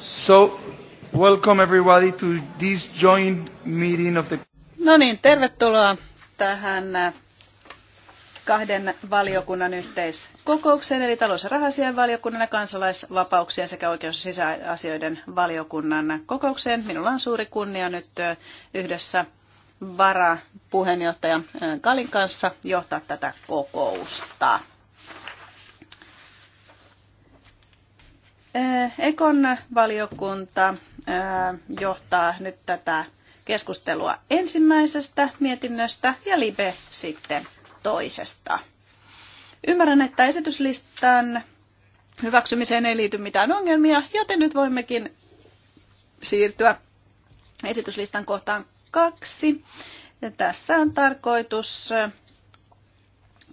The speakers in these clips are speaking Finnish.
So, welcome everybody to this joint meeting of the... No niin, tervetuloa tähän äh, kahden valiokunnan yhteiskokoukseen, eli talous- ja rahasien valiokunnan ja kansalaisvapauksien sekä oikeus- ja sisäasioiden valiokunnan kokoukseen. Minulla on suuri kunnia nyt äh, yhdessä varapuheenjohtaja äh, Kalin kanssa johtaa tätä kokousta. Eh, Ekon valiokunta eh, johtaa nyt tätä keskustelua ensimmäisestä mietinnöstä ja Libe sitten toisesta. Ymmärrän, että esityslistan hyväksymiseen ei liity mitään ongelmia, joten nyt voimmekin siirtyä esityslistan kohtaan kaksi. Ja tässä on tarkoitus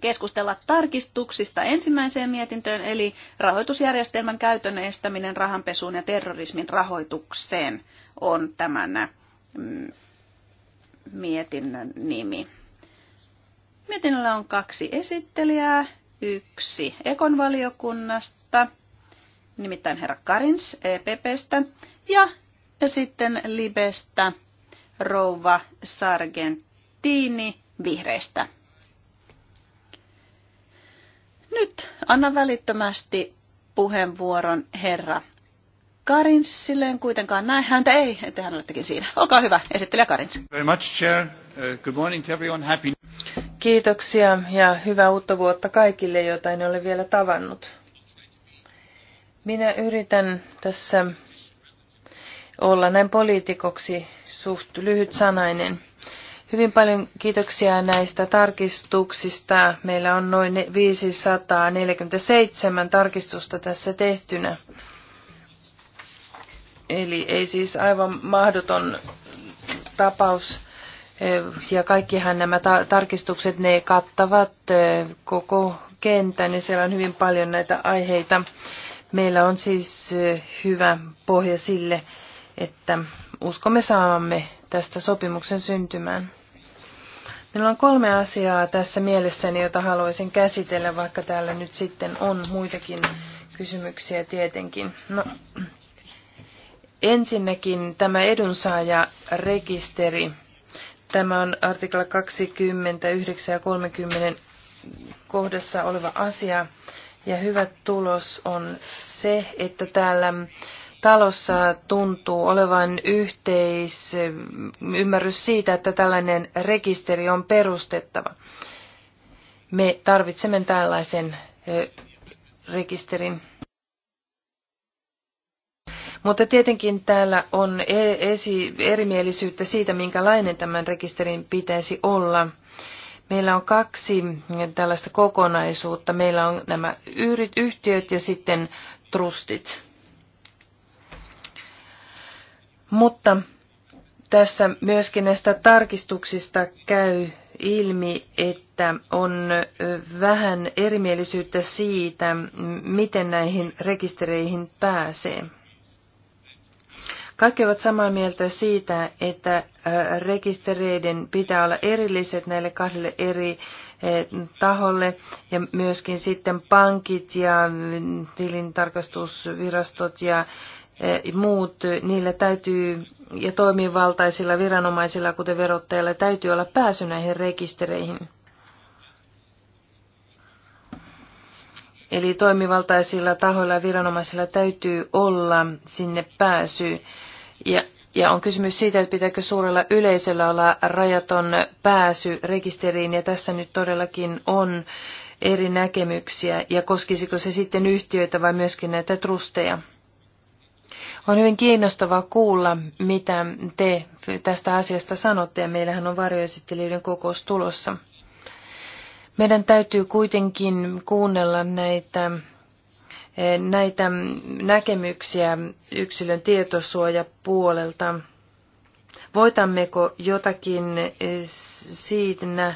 keskustella tarkistuksista ensimmäiseen mietintöön, eli rahoitusjärjestelmän käytön estäminen rahanpesuun ja terrorismin rahoitukseen on tämän mm, mietinnön nimi. Mietinnöllä on kaksi esittelijää, yksi Ekon valiokunnasta, nimittäin herra Karins EPPstä, ja sitten Libestä rouva Sargentini vihreistä. Nyt anna välittömästi puheenvuoron herra Karinssille. kuitenkaan näin häntä. Ei, että hän olettekin siinä. Olkaa hyvä, esittelijä Karins. Very much, Chair. Uh, good morning to everyone. Happy... Kiitoksia ja hyvää uutta vuotta kaikille, joita en ole vielä tavannut. Minä yritän tässä olla näin poliitikoksi suht sanainen. Hyvin paljon kiitoksia näistä tarkistuksista. Meillä on noin 547 tarkistusta tässä tehtynä. Eli ei siis aivan mahdoton tapaus. Eh, ja kaikkihan nämä ta- tarkistukset, ne kattavat eh, koko kentän ja siellä on hyvin paljon näitä aiheita. Meillä on siis eh, hyvä pohja sille, että uskomme saamamme tästä sopimuksen syntymään. Minulla on kolme asiaa tässä mielessäni, jota haluaisin käsitellä, vaikka täällä nyt sitten on muitakin kysymyksiä tietenkin. No, ensinnäkin tämä edunsaajarekisteri. Tämä on artikla 29 ja 30 kohdassa oleva asia. Ja hyvä tulos on se, että täällä talossa tuntuu olevan yhteisymmärrys siitä, että tällainen rekisteri on perustettava. Me tarvitsemme tällaisen rekisterin. Mutta tietenkin täällä on e, esi- erimielisyyttä siitä, minkälainen tämän rekisterin pitäisi olla. Meillä on kaksi tällaista kokonaisuutta. Meillä on nämä yhtiöt ja sitten trustit. Mutta tässä myöskin näistä tarkistuksista käy ilmi, että on vähän erimielisyyttä siitä, miten näihin rekistereihin pääsee. Kaikki ovat samaa mieltä siitä, että rekistereiden pitää olla erilliset näille kahdelle eri taholle ja myöskin sitten pankit ja mm, tilintarkastusvirastot ja muut, niillä täytyy ja toimivaltaisilla viranomaisilla, kuten verottajilla, täytyy olla pääsy näihin rekistereihin. Eli toimivaltaisilla tahoilla ja viranomaisilla täytyy olla sinne pääsy. Ja, ja on kysymys siitä, että pitääkö suurella yleisöllä olla rajaton pääsy rekisteriin. Ja tässä nyt todellakin on eri näkemyksiä. Ja koskisiko se sitten yhtiöitä vai myöskin näitä trusteja. On hyvin kiinnostavaa kuulla, mitä te tästä asiasta sanotte, ja meillähän on varjoesittelijöiden kokous tulossa. Meidän täytyy kuitenkin kuunnella näitä, eh, näitä näkemyksiä yksilön tietosuojapuolelta. Voitammeko jotakin eh, siinä,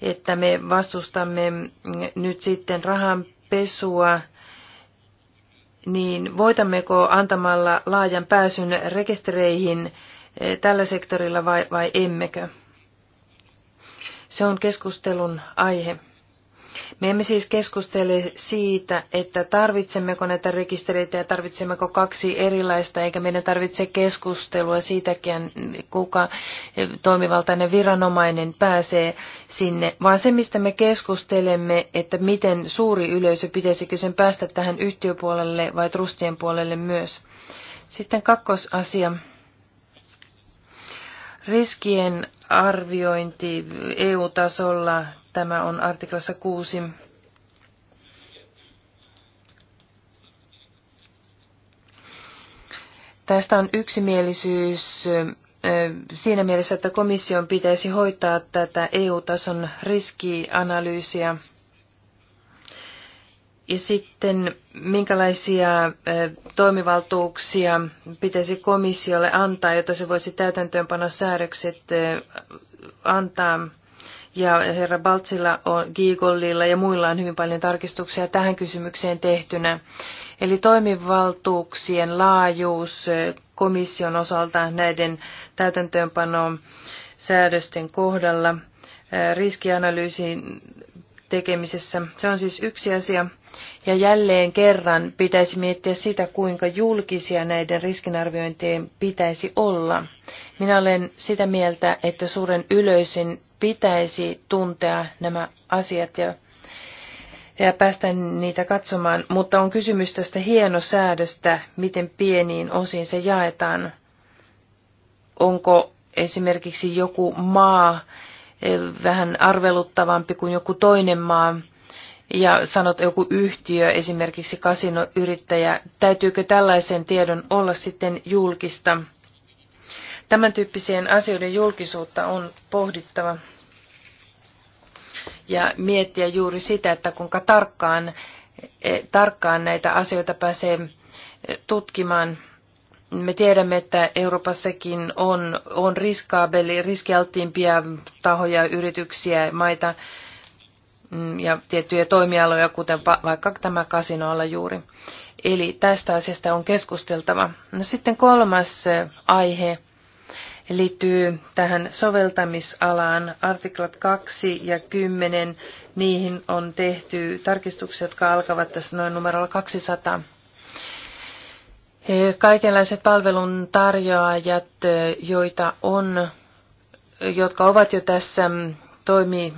että me vastustamme mm, nyt sitten rahanpesua – niin voitammeko antamalla laajan pääsyn rekistereihin eh, tällä sektorilla vai, vai emmekö? Se on keskustelun aihe. Me emme siis keskustele siitä, että tarvitsemmeko näitä rekistereitä ja tarvitsemmeko kaksi erilaista, eikä meidän tarvitse keskustelua siitäkin, kuka eh, toimivaltainen viranomainen pääsee sinne, vaan se, mistä me keskustelemme, että miten suuri yleisö, pitäisikö sen päästä tähän yhtiöpuolelle vai trustien puolelle myös. Sitten kakkosasia riskien arviointi EU-tasolla Tämä on artiklassa 6. Tästä on yksimielisyys siinä mielessä, että komission pitäisi hoitaa tätä EU-tason riskianalyysiä. Ja sitten minkälaisia toimivaltuuksia pitäisi komissiolle antaa, jotta se voisi täytäntöönpanosäädökset antaa ja herra Baltsilla, on, Giigollilla ja muilla on hyvin paljon tarkistuksia tähän kysymykseen tehtynä. Eli toimivaltuuksien laajuus komission osalta näiden täytäntöönpanon säädösten kohdalla riskianalyysin tekemisessä. Se on siis yksi asia. Ja jälleen kerran pitäisi miettiä sitä, kuinka julkisia näiden riskinarviointien pitäisi olla. Minä olen sitä mieltä, että suuren ylöisin pitäisi tuntea nämä asiat ja, ja päästä niitä katsomaan, mutta on kysymys tästä hienosäädöstä, miten pieniin osiin se jaetaan. Onko esimerkiksi joku maa eh, vähän arveluttavampi kuin joku toinen maa, ja sanot joku yhtiö, esimerkiksi kasinoyrittäjä, täytyykö tällaisen tiedon olla sitten julkista? Tämän tyyppisien asioiden julkisuutta on pohdittava ja miettiä juuri sitä, että kuinka tarkkaan, eh, tarkkaan näitä asioita pääsee eh, tutkimaan. Me tiedämme, että Euroopassakin on, on riskaabeli, riskialttiimpia tahoja, yrityksiä, maita, Mm, ja tiettyjä toimialoja, kuten vaikka tämä kasinoala juuri. Eli tästä asiasta on keskusteltava. No sitten kolmas aihe liittyy tähän soveltamisalaan. Artiklat 2 ja 10, niihin on tehty tarkistukset, jotka alkavat tässä noin numerolla 200. Kaikenlaiset palvelun tarjoajat, joita on, jotka ovat jo tässä mm, toimii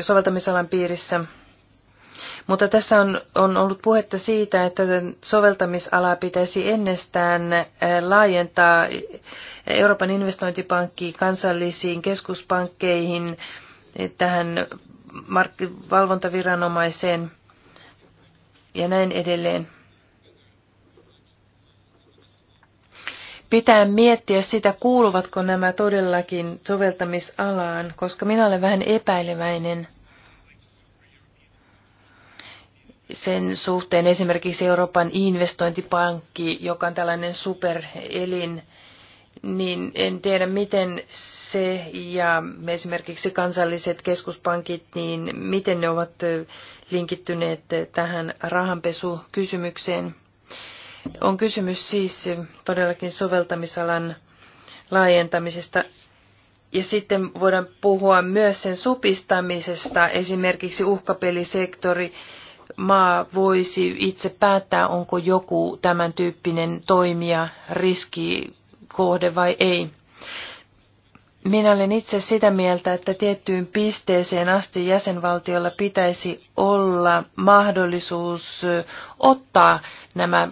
soveltamisalan piirissä. Mutta tässä on, on ollut puhetta siitä, että soveltamisalaa pitäisi ennestään laajentaa Euroopan investointipankkiin, kansallisiin keskuspankkeihin, tähän valvontaviranomaiseen ja näin edelleen. pitää miettiä sitä, kuuluvatko nämä todellakin soveltamisalaan, koska minä olen vähän epäileväinen sen suhteen esimerkiksi Euroopan investointipankki, joka on tällainen superelin, niin en tiedä miten se ja esimerkiksi kansalliset keskuspankit, niin miten ne ovat linkittyneet tähän rahanpesukysymykseen. On kysymys siis todellakin soveltamisalan laajentamisesta. Ja sitten voidaan puhua myös sen supistamisesta. Esimerkiksi uhkapelisektori maa voisi itse päättää, onko joku tämän tyyppinen toimija riskikohde vai ei. Minä olen itse sitä mieltä, että tiettyyn pisteeseen asti jäsenvaltiolla pitäisi olla mahdollisuus ottaa nämä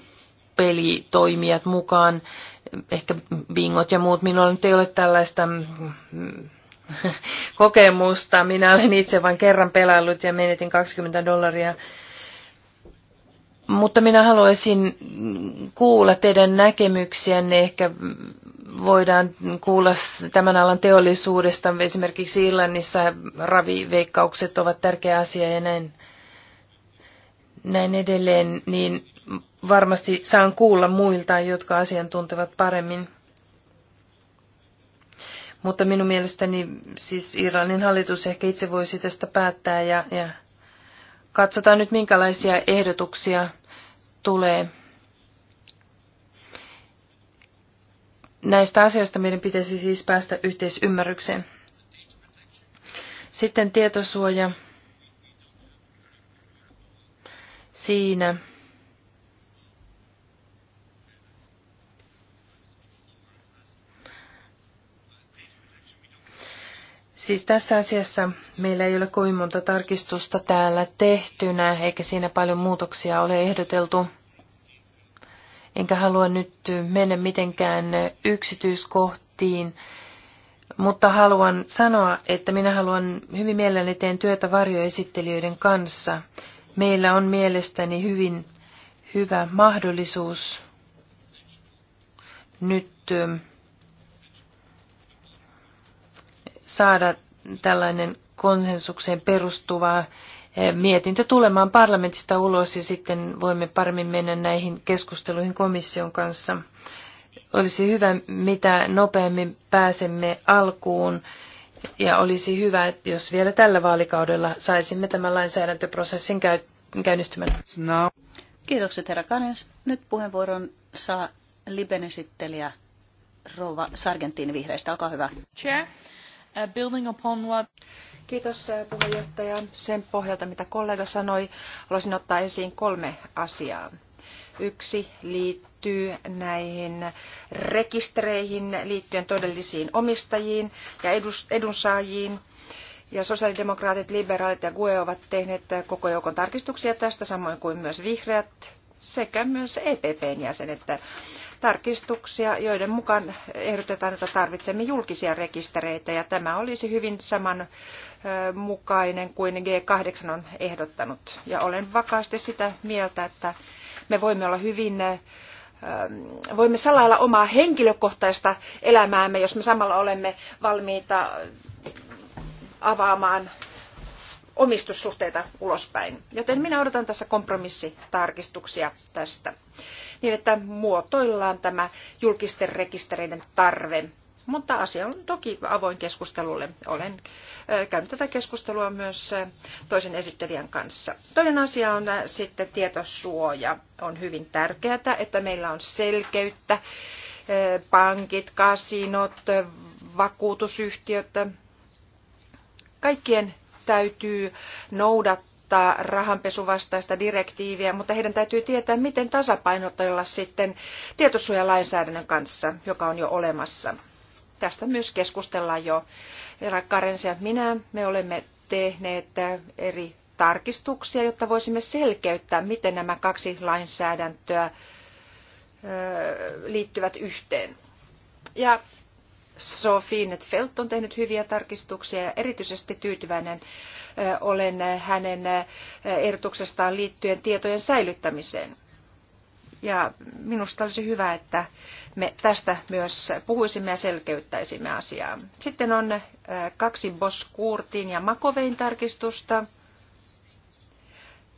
pelitoimijat mukaan, ehkä bingot ja muut. Minulla nyt ei ole tällaista mm, kokemusta. Minä olen itse vain kerran pelaillut ja menetin 20 dollaria. Mutta minä haluaisin kuulla teidän näkemyksiänne. Ehkä voidaan kuulla tämän alan teollisuudesta. Esimerkiksi Irlannissa raviveikkaukset ovat tärkeä asia ja näin, näin edelleen. Niin varmasti saan kuulla muilta, jotka asian tuntevat paremmin. Mutta minun mielestäni siis Iranin hallitus ehkä itse voisi tästä päättää ja, ja katsotaan nyt minkälaisia ehdotuksia tulee. Näistä asioista meidän pitäisi siis päästä yhteisymmärrykseen. Sitten tietosuoja. Siinä Siis tässä asiassa meillä ei ole kovin monta tarkistusta täällä tehtynä, eikä siinä paljon muutoksia ole ehdoteltu. Enkä halua nyt mennä mitenkään yksityiskohtiin, mutta haluan sanoa, että minä haluan hyvin mielelläni teen työtä varjoesittelijöiden kanssa. Meillä on mielestäni hyvin hyvä mahdollisuus nyt saada tällainen konsensukseen perustuva eh, mietintö tulemaan parlamentista ulos ja sitten voimme paremmin mennä näihin keskusteluihin komission kanssa. Olisi hyvä, mitä nopeammin pääsemme alkuun ja olisi hyvä, jos vielä tällä vaalikaudella saisimme tämän lainsäädäntöprosessin käy- käynnistymään. No. Kiitokset herra Kanens. Nyt puheenvuoron saa Liben esittelijä Rouva Sargentin vihreistä. Olkaa hyvä. Chair. Uh, building upon what... Kiitos uh, puheenjohtaja. Sen pohjalta, mitä kollega sanoi, haluaisin ottaa esiin kolme asiaa. Yksi liittyy näihin rekistereihin liittyen todellisiin omistajiin ja edunsaajiin. Ja sosiaalidemokraatit, liberaalit ja GUE ovat tehneet uh, koko joukon tarkistuksia tästä, samoin kuin myös vihreät sekä myös EPPn jäsenet tarkistuksia, joiden mukaan ehdotetaan, että tarvitsemme julkisia rekistereitä, ja tämä olisi hyvin samanmukainen kuin G8 on ehdottanut. Ja olen vakaasti sitä mieltä, että me voimme olla hyvin voimme salailla omaa henkilökohtaista elämäämme, jos me samalla olemme valmiita avaamaan omistussuhteita ulospäin. Joten minä odotan tässä kompromissitarkistuksia tästä, niin että muotoillaan tämä julkisten rekistereiden tarve. Mutta asia on toki avoin keskustelulle. Olen käynyt tätä keskustelua myös toisen esittelijän kanssa. Toinen asia on sitten tietosuoja. On hyvin tärkeää, että meillä on selkeyttä. Pankit, kasinot, vakuutusyhtiöt, kaikkien täytyy noudattaa rahanpesuvastaista direktiiviä, mutta heidän täytyy tietää, miten tasapainotella sitten tietosuojalainsäädännön kanssa, joka on jo olemassa. Tästä myös keskustellaan jo. Karensi ja minä, me olemme tehneet eri tarkistuksia, jotta voisimme selkeyttää, miten nämä kaksi lainsäädäntöä liittyvät yhteen. Ja Sophie Netfeldt on tehnyt hyviä tarkistuksia ja erityisesti tyytyväinen olen hänen ehdotuksestaan liittyen tietojen säilyttämiseen. Ja minusta olisi hyvä, että me tästä myös puhuisimme ja selkeyttäisimme asiaa. Sitten on kaksi Boskuurtin ja Makovein tarkistusta,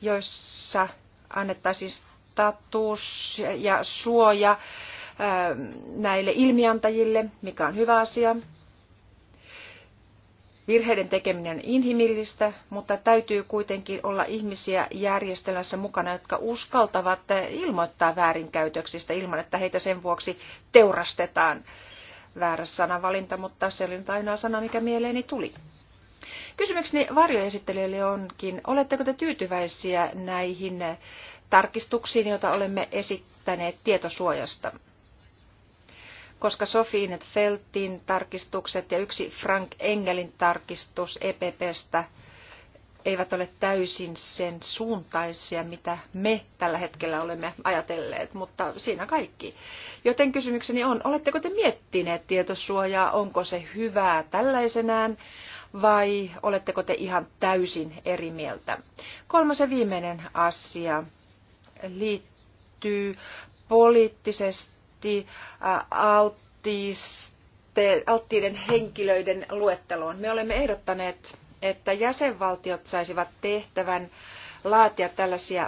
joissa annettaisiin status ja suoja näille ilmiantajille, mikä on hyvä asia. Virheiden tekeminen on inhimillistä, mutta täytyy kuitenkin olla ihmisiä järjestelmässä mukana, jotka uskaltavat ilmoittaa väärinkäytöksistä ilman, että heitä sen vuoksi teurastetaan. Väärä sanavalinta, mutta se oli nyt ainoa sana, mikä mieleeni tuli. Kysymykseni varjoesittelijöille onkin, oletteko te tyytyväisiä näihin tarkistuksiin, joita olemme esittäneet tietosuojasta? koska Sofi Inet Feltin tarkistukset ja yksi Frank Engelin tarkistus EPPstä eivät ole täysin sen suuntaisia, mitä me tällä hetkellä olemme ajatelleet, mutta siinä kaikki. Joten kysymykseni on, oletteko te miettineet tietosuojaa, onko se hyvää tällaisenään vai oletteko te ihan täysin eri mieltä? Kolmas ja viimeinen asia liittyy poliittisesti liittyy alttiiden henkilöiden luetteloon. Me olemme ehdottaneet, että jäsenvaltiot saisivat tehtävän laatia tällaisia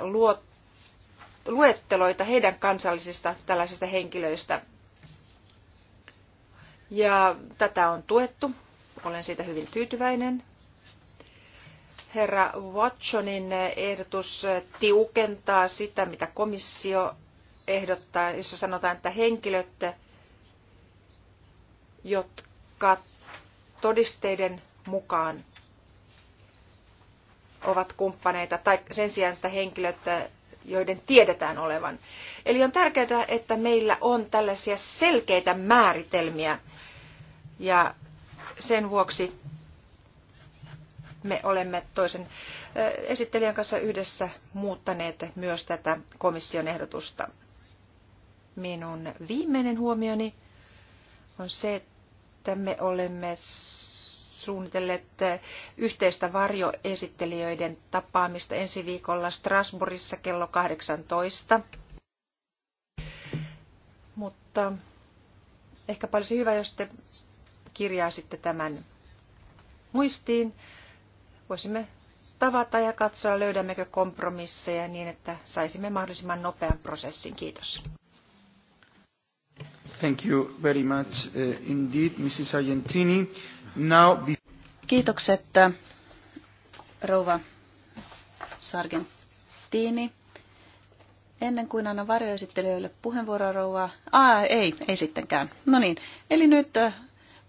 luetteloita heidän kansallisista tällaisista henkilöistä. Ja tätä on tuettu. Olen siitä hyvin tyytyväinen herra Watsonin ehdotus tiukentaa sitä, mitä komissio ehdottaa, jossa sanotaan, että henkilöt, jotka todisteiden mukaan ovat kumppaneita, tai sen sijaan, että henkilöt, joiden tiedetään olevan. Eli on tärkeää, että meillä on tällaisia selkeitä määritelmiä, ja sen vuoksi me olemme toisen äh, esittelijän kanssa yhdessä muuttaneet myös tätä komission ehdotusta minun viimeinen huomioni on se, että me olemme suunnitelleet yhteistä varjoesittelijöiden tapaamista ensi viikolla Strasbourgissa kello 18. Mutta ehkä olisi hyvä, jos te kirjaisitte tämän muistiin. Voisimme tavata ja katsoa, löydämmekö kompromisseja niin, että saisimme mahdollisimman nopean prosessin. Kiitos. Thank you very much uh, indeed, Mrs. Argentini. Now... Kiitokset, rouva Sargentini. Ennen kuin annan varjoesittelijöille puheenvuoroa rouva... Ah, ei, ei sittenkään. No niin, eli nyt äh,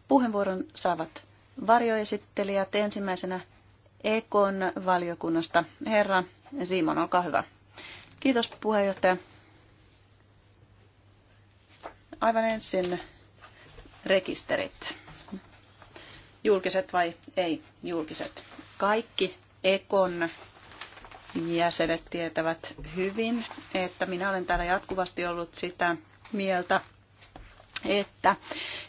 puheenvuoron saavat varjoesittelijät ensimmäisenä Ekon valiokunnasta. Herra Simon, olkaa hyvä. Kiitos puheenjohtaja. Aivan ensin rekisterit. Julkiset vai ei julkiset. Kaikki Ekon jäsenet tietävät hyvin, että minä olen täällä jatkuvasti ollut sitä mieltä, että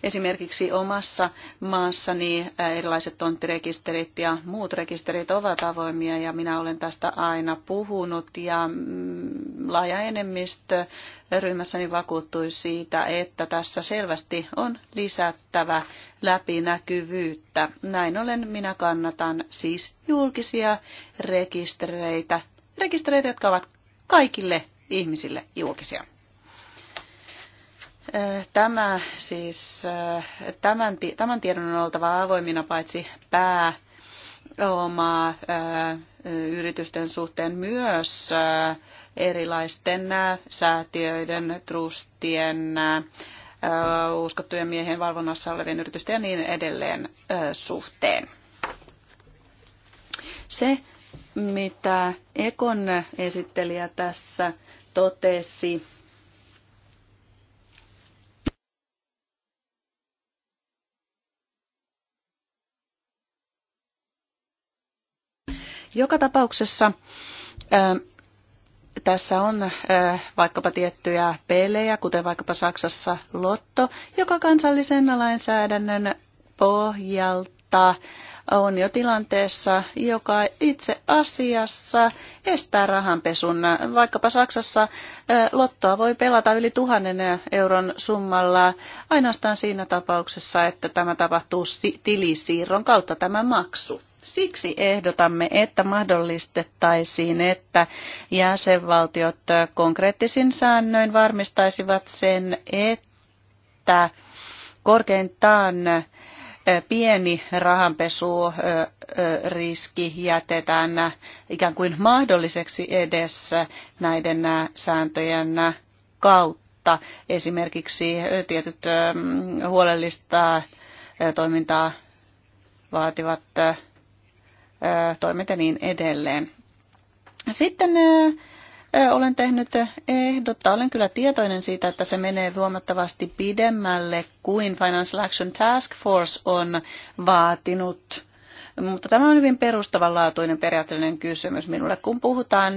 esimerkiksi omassa maassani äh, erilaiset tonttirekisterit ja muut rekisterit ovat avoimia ja minä olen tästä aina puhunut ja mm, laaja enemmistö ryhmässäni vakuuttui siitä, että tässä selvästi on lisättävä läpinäkyvyyttä. Näin ollen minä kannatan siis julkisia rekistereitä, rekistereitä, jotka ovat kaikille ihmisille julkisia. Äh, tämä siis, äh, tämän, tämän tiedon on oltava avoimina paitsi pää omaa äh, yritysten suhteen myös erilaisten säätiöiden, trustien, uskottujen miehen valvonnassa olevien yritysten ja niin edelleen suhteen. Se, mitä Ekon esittelijä tässä totesi, Joka tapauksessa tässä on vaikkapa tiettyjä pelejä, kuten vaikkapa Saksassa Lotto, joka kansallisen lainsäädännön pohjalta on jo tilanteessa, joka itse asiassa estää rahanpesun. Vaikkapa Saksassa lottoa voi pelata yli tuhannen euron summalla ainoastaan siinä tapauksessa, että tämä tapahtuu tilisiirron kautta tämä maksu. Siksi ehdotamme, että mahdollistettaisiin, että jäsenvaltiot konkreettisin säännöin varmistaisivat sen, että korkeintaan pieni rahanpesuriski jätetään ikään kuin mahdolliseksi edessä näiden sääntöjen kautta. Esimerkiksi tietyt huolellista toimintaa vaativat toimet ja niin edelleen. Sitten olen tehnyt ehdottaa, olen kyllä tietoinen siitä, että se menee huomattavasti pidemmälle kuin Financial Action Task Force on vaatinut. Mutta tämä on hyvin perustavanlaatuinen periaatteellinen kysymys minulle. Kun puhutaan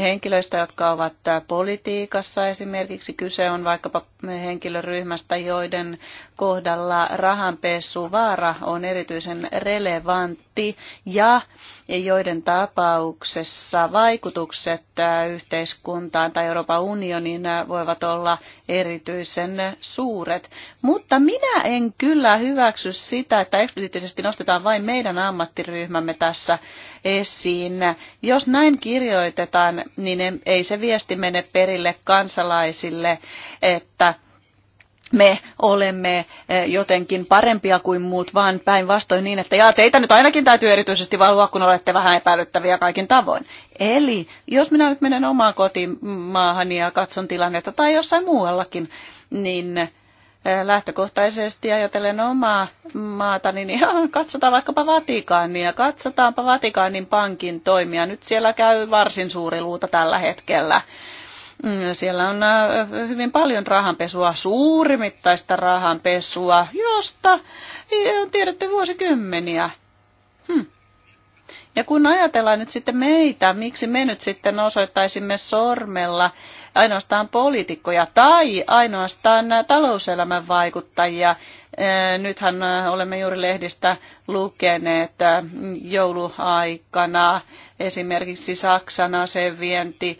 henkilöistä, jotka ovat politiikassa, esimerkiksi kyse on vaikkapa henkilöryhmästä, joiden kohdalla rahanpesuvaara on erityisen relevantti, paketti ja joiden tapauksessa vaikutukset yhteiskuntaan tai Euroopan unioniin voivat olla erityisen suuret. Mutta minä en kyllä hyväksy sitä, että eksplisiittisesti nostetaan vain meidän ammattiryhmämme tässä esiin. Jos näin kirjoitetaan, niin ei se viesti mene perille kansalaisille, että me olemme eh, jotenkin parempia kuin muut, vaan päinvastoin niin, että jaa, teitä nyt ainakin täytyy erityisesti valvoa, kun olette vähän epäilyttäviä kaikin tavoin. Eli jos minä nyt menen omaan kotimaahani ja katson tilannetta tai jossain muuallakin, niin eh, lähtökohtaisesti ajatellen omaa maata, niin ihan katsotaan vaikkapa Vatikaania ja katsotaanpa Vatikaanin pankin toimia. Nyt siellä käy varsin suuri luuta tällä hetkellä. Mm, siellä on äh, hyvin paljon rahanpesua, suurimittaista rahanpesua, josta eh, on tiedetty vuosikymmeniä. Hm. Ja kun ajatellaan nyt sitten meitä, miksi me nyt sitten osoittaisimme sormella ainoastaan poliitikkoja tai ainoastaan talouselämän vaikuttajia. Eh, nythän eh, olemme juuri lehdistä lukeneet jouluaikana esimerkiksi Saksan asevienti,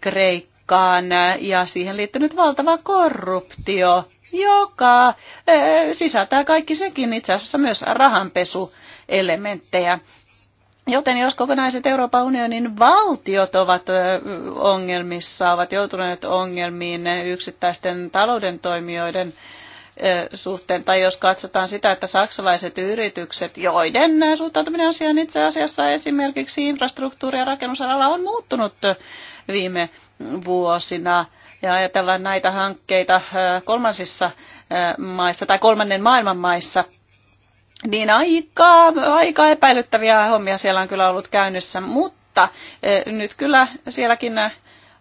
Kreikka aikaan ja siihen liittynyt valtava korruptio, joka eh, sisältää kaikki sekin itse asiassa myös rahanpesuelementtejä. Joten jos kokonaiset Euroopan unionin valtiot ovat eh, ongelmissa, ovat joutuneet ongelmiin eh, yksittäisten talouden toimijoiden suhteen, tai jos katsotaan sitä, että saksalaiset yritykset, joiden suhtautuminen asiaan itse asiassa esimerkiksi infrastruktuuri- ja rakennusalalla on muuttunut viime vuosina. Ja ajatellaan näitä hankkeita äh, kolmansissa äh, maissa tai kolmannen maailman maissa, niin aika, aika epäilyttäviä hommia siellä on kyllä ollut käynnissä, mutta äh, nyt kyllä sielläkin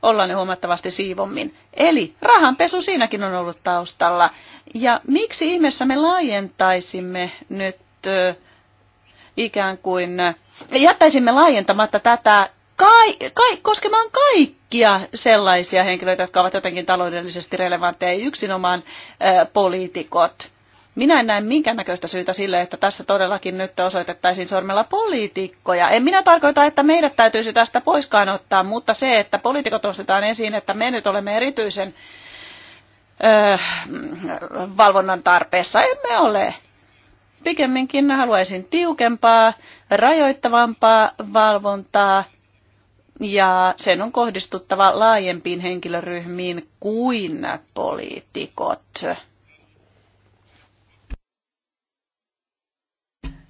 ollaan huomattavasti siivommin. Eli rahanpesu siinäkin on ollut taustalla. Ja miksi ihmeessä me laajentaisimme nyt ikään kuin, jättäisimme laajentamatta tätä kai, kai, koskemaan kaikkia sellaisia henkilöitä, jotka ovat jotenkin taloudellisesti relevantteja, ei yksinomaan ö, poliitikot. Minä en näe minkäännäköistä syytä sille, että tässä todellakin nyt osoitettaisiin sormella poliitikkoja. En minä tarkoita, että meidät täytyisi tästä poiskaan ottaa, mutta se, että poliitikot ostetaan esiin, että me nyt olemme erityisen ö, valvonnan tarpeessa, emme ole pikemminkin haluaisin tiukempaa, rajoittavampaa valvontaa ja sen on kohdistuttava laajempiin henkilöryhmiin kuin poliitikot.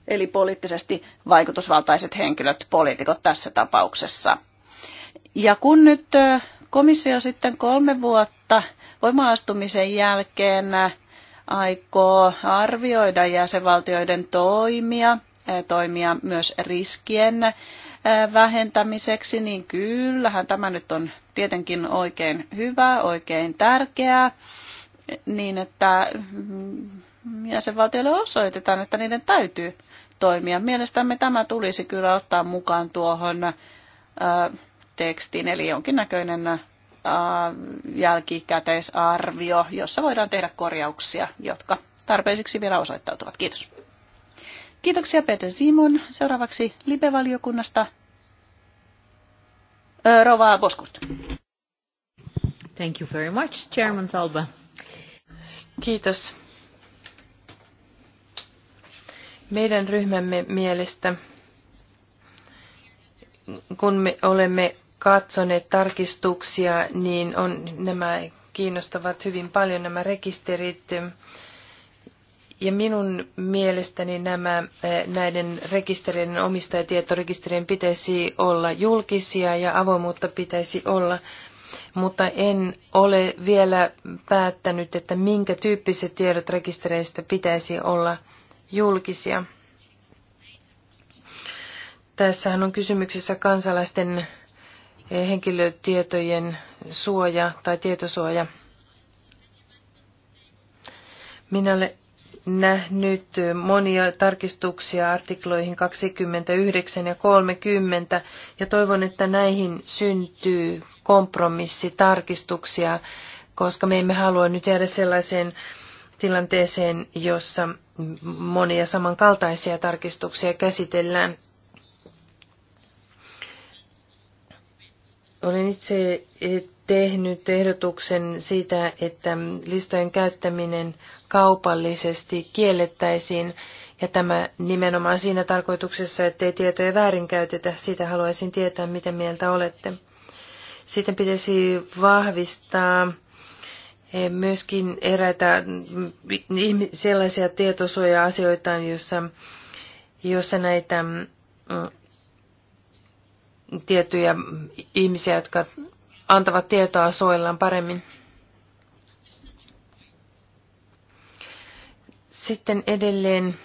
Eli poliittisesti vaikutusvaltaiset henkilöt, poliitikot tässä tapauksessa. Ja kun nyt komissio sitten kolme vuotta voimaastumisen jälkeen aikoo arvioida jäsenvaltioiden toimia, toimia myös riskien vähentämiseksi, niin kyllähän tämä nyt on tietenkin oikein hyvä, oikein tärkeää, niin että mm, jäsenvaltioille osoitetaan, että niiden täytyy toimia. Mielestämme tämä tulisi kyllä ottaa mukaan tuohon ä, tekstiin, eli jonkinnäköinen ä, jälkikäteisarvio, jossa voidaan tehdä korjauksia, jotka tarpeisiksi vielä osoittautuvat. Kiitos. Kiitoksia Peter Simon. Seuraavaksi Libevaliokunnasta Rova Boskurt. Thank you very much, Chairman Salba. Kiitos. Meidän ryhmämme mielestä, kun me olemme katsoneet tarkistuksia, niin on nämä kiinnostavat hyvin paljon nämä rekisterit ja minun mielestäni nämä, eh, näiden rekisterien omistajatietorekisterien pitäisi olla julkisia ja avoimuutta pitäisi olla, mutta en ole vielä päättänyt, että minkä tyyppiset tiedot rekistereistä pitäisi olla julkisia. Tässähän on kysymyksessä kansalaisten eh, henkilötietojen suoja tai tietosuoja. Minä olen nähnyt monia tarkistuksia artikloihin 29 ja 30 ja toivon, että näihin syntyy kompromissitarkistuksia, koska me emme halua nyt jäädä sellaiseen tilanteeseen, jossa monia samankaltaisia tarkistuksia käsitellään. Olen itse tehnyt ehdotuksen siitä, että listojen käyttäminen kaupallisesti kiellettäisiin, ja tämä nimenomaan siinä tarkoituksessa, ettei tietoja väärinkäytetä. Siitä haluaisin tietää, mitä mieltä olette. Sitten pitäisi vahvistaa eh, myöskin eräitä mm, sellaisia tietosuoja-asioita, joissa, jossa näitä mm, tiettyjä ihmisiä, jotka antavat tietoa suojellaan paremmin. Sitten edelleen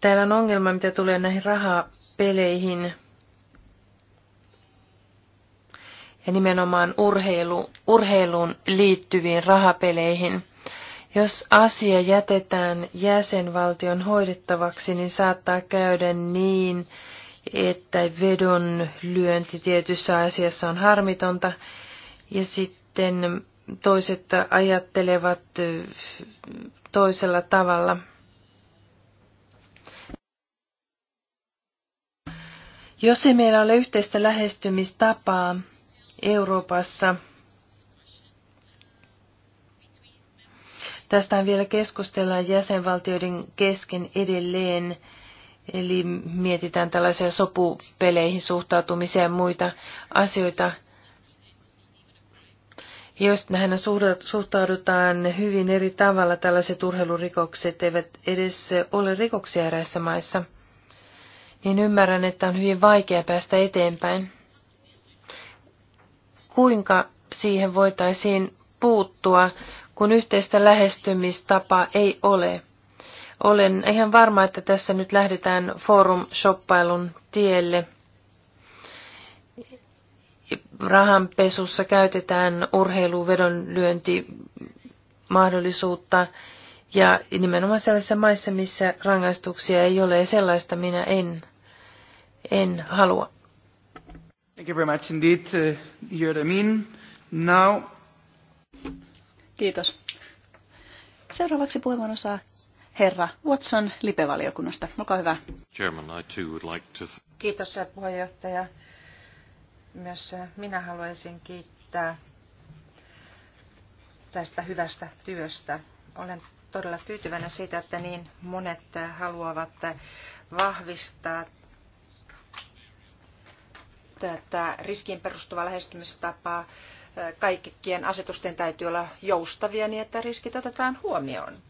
täällä on ongelma, mitä tulee näihin rahapeleihin ja nimenomaan urheilu, urheiluun liittyviin rahapeleihin. Jos asia jätetään jäsenvaltion hoidettavaksi, niin saattaa käydä niin, että vedon lyönti tietyssä asiassa on harmitonta. Ja sitten toiset ajattelevat toisella tavalla. Jos ei meillä ole yhteistä lähestymistapaa Euroopassa, tästä vielä keskustellaan jäsenvaltioiden kesken edelleen. Eli mietitään tällaisia sopupeleihin suhtautumiseen ja muita asioita. Jos näihin suhtaudutaan hyvin eri tavalla, tällaiset urheilurikokset eivät edes ole rikoksia eräissä maissa, niin ymmärrän, että on hyvin vaikea päästä eteenpäin. Kuinka siihen voitaisiin puuttua, kun yhteistä lähestymistapaa ei ole? Olen ihan varma, että tässä nyt lähdetään forum-shoppailun tielle. Rahanpesussa käytetään urheiluvedonlyönti mahdollisuutta ja nimenomaan sellaisissa maissa, missä rangaistuksia ei ole ja sellaista minä en, en halua. Thank you very much indeed, uh, mean. Now... Kiitos. Seuraavaksi puheenvuoron saa herra Watson Lipevaliokunnasta. Olkaa hyvä. Chairman, I too would like to... Kiitos puheenjohtaja. Myös eh, minä haluaisin kiittää tästä hyvästä työstä. Olen todella tyytyväinen siitä, että niin monet eh, haluavat eh, vahvistaa tätä riskiin perustuvaa lähestymistapaa. Kaikkien asetusten täytyy olla joustavia niin, että riskit otetaan huomioon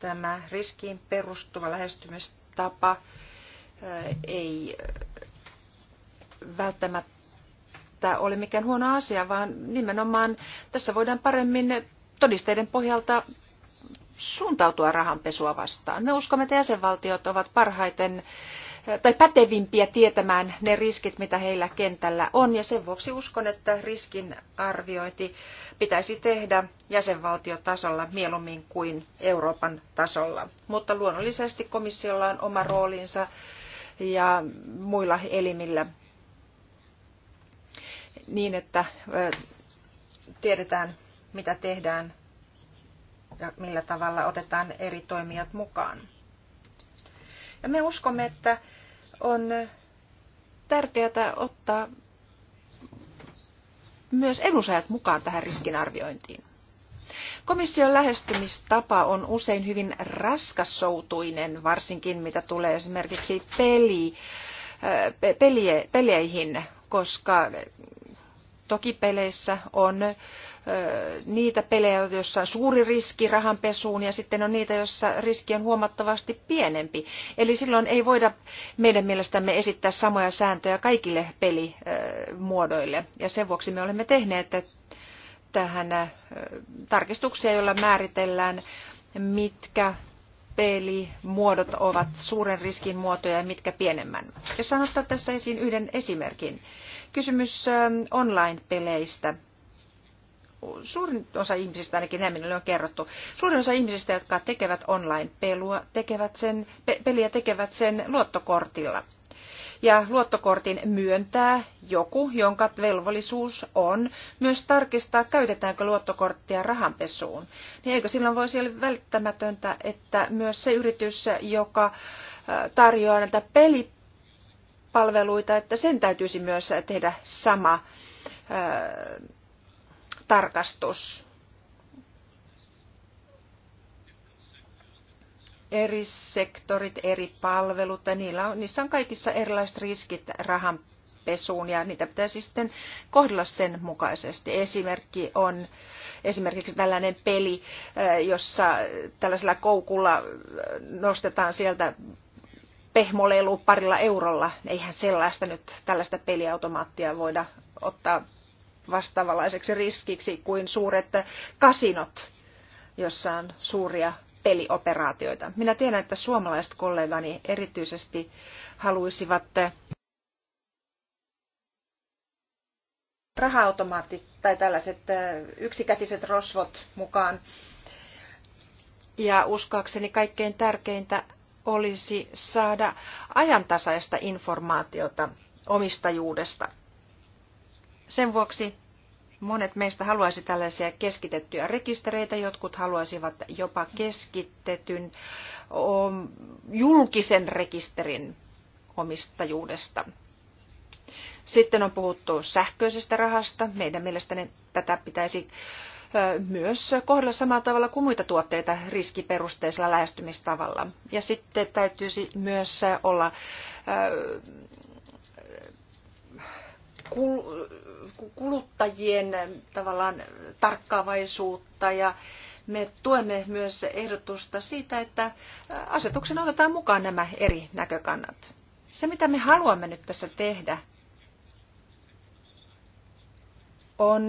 tämä riskiin perustuva lähestymistapa ei välttämättä ole mikään huono asia, vaan nimenomaan tässä voidaan paremmin todisteiden pohjalta suuntautua rahanpesua vastaan. Me uskomme, että jäsenvaltiot ovat parhaiten tai pätevimpiä tietämään ne riskit, mitä heillä kentällä on, ja sen vuoksi uskon, että riskin arviointi pitäisi tehdä jäsenvaltiotasolla mieluummin kuin Euroopan tasolla. Mutta luonnollisesti komissiolla on oma roolinsa ja muilla elimillä niin, että tiedetään, mitä tehdään ja millä tavalla otetaan eri toimijat mukaan. Ja me uskomme, että on tärkeää ottaa myös edunsaajat mukaan tähän riskinarviointiin. Komission lähestymistapa on usein hyvin raskassoutuinen, varsinkin mitä tulee esimerkiksi peli, eh, pelie, peleihin, koska toki peleissä on niitä pelejä, joissa on suuri riski rahanpesuun ja sitten on niitä, joissa riski on huomattavasti pienempi. Eli silloin ei voida meidän mielestämme esittää samoja sääntöjä kaikille pelimuodoille ja sen vuoksi me olemme tehneet tähän tarkistuksia, joilla määritellään, mitkä pelimuodot ovat suuren riskin muotoja ja mitkä pienemmän. Jos sanon ottaa tässä esiin yhden esimerkin. Kysymys online-peleistä suurin osa ihmisistä, ainakin näin minulle on kerrottu, suurin osa ihmisistä, jotka tekevät online-pelua, tekevät sen, pe- peliä tekevät sen luottokortilla. Ja luottokortin myöntää joku, jonka velvollisuus on myös tarkistaa, käytetäänkö luottokorttia rahanpesuun. Niin eikö silloin voisi olla välttämätöntä, että myös se yritys, joka äh, tarjoaa näitä pelipalveluita, että sen täytyisi myös tehdä sama äh, tarkastus. Eri sektorit, eri palvelut, ja niillä on, niissä on kaikissa erilaiset riskit pesuun ja niitä pitäisi siis sitten kohdella sen mukaisesti. Esimerkki on esimerkiksi tällainen peli, eh, jossa tällaisella koukulla eh, nostetaan sieltä pehmolelu parilla eurolla. Eihän sellaista nyt, tällaista peliautomaattia voida ottaa vastaavanlaiseksi riskiksi kuin suuret kasinot, jossa on suuria pelioperaatioita. Minä tiedän, että suomalaiset kollegani erityisesti haluaisivat rahaautomaatit tai tällaiset yksikätiset rosvot mukaan. Ja uskoakseni kaikkein tärkeintä olisi saada ajantasaista informaatiota omistajuudesta. Sen vuoksi monet meistä haluaisi tällaisia keskitettyjä rekistereitä, jotkut haluaisivat jopa keskitetyn julkisen rekisterin omistajuudesta. Sitten on puhuttu sähköisestä rahasta. Meidän mielestäni tätä pitäisi myös kohdella samalla tavalla kuin muita tuotteita riskiperusteisella lähestymistavalla. Ja sitten täytyisi myös olla kuluttajien tavallaan tarkkaavaisuutta ja me tuemme myös ehdotusta siitä, että asetuksen otetaan mukaan nämä eri näkökannat. Se, mitä me haluamme nyt tässä tehdä, on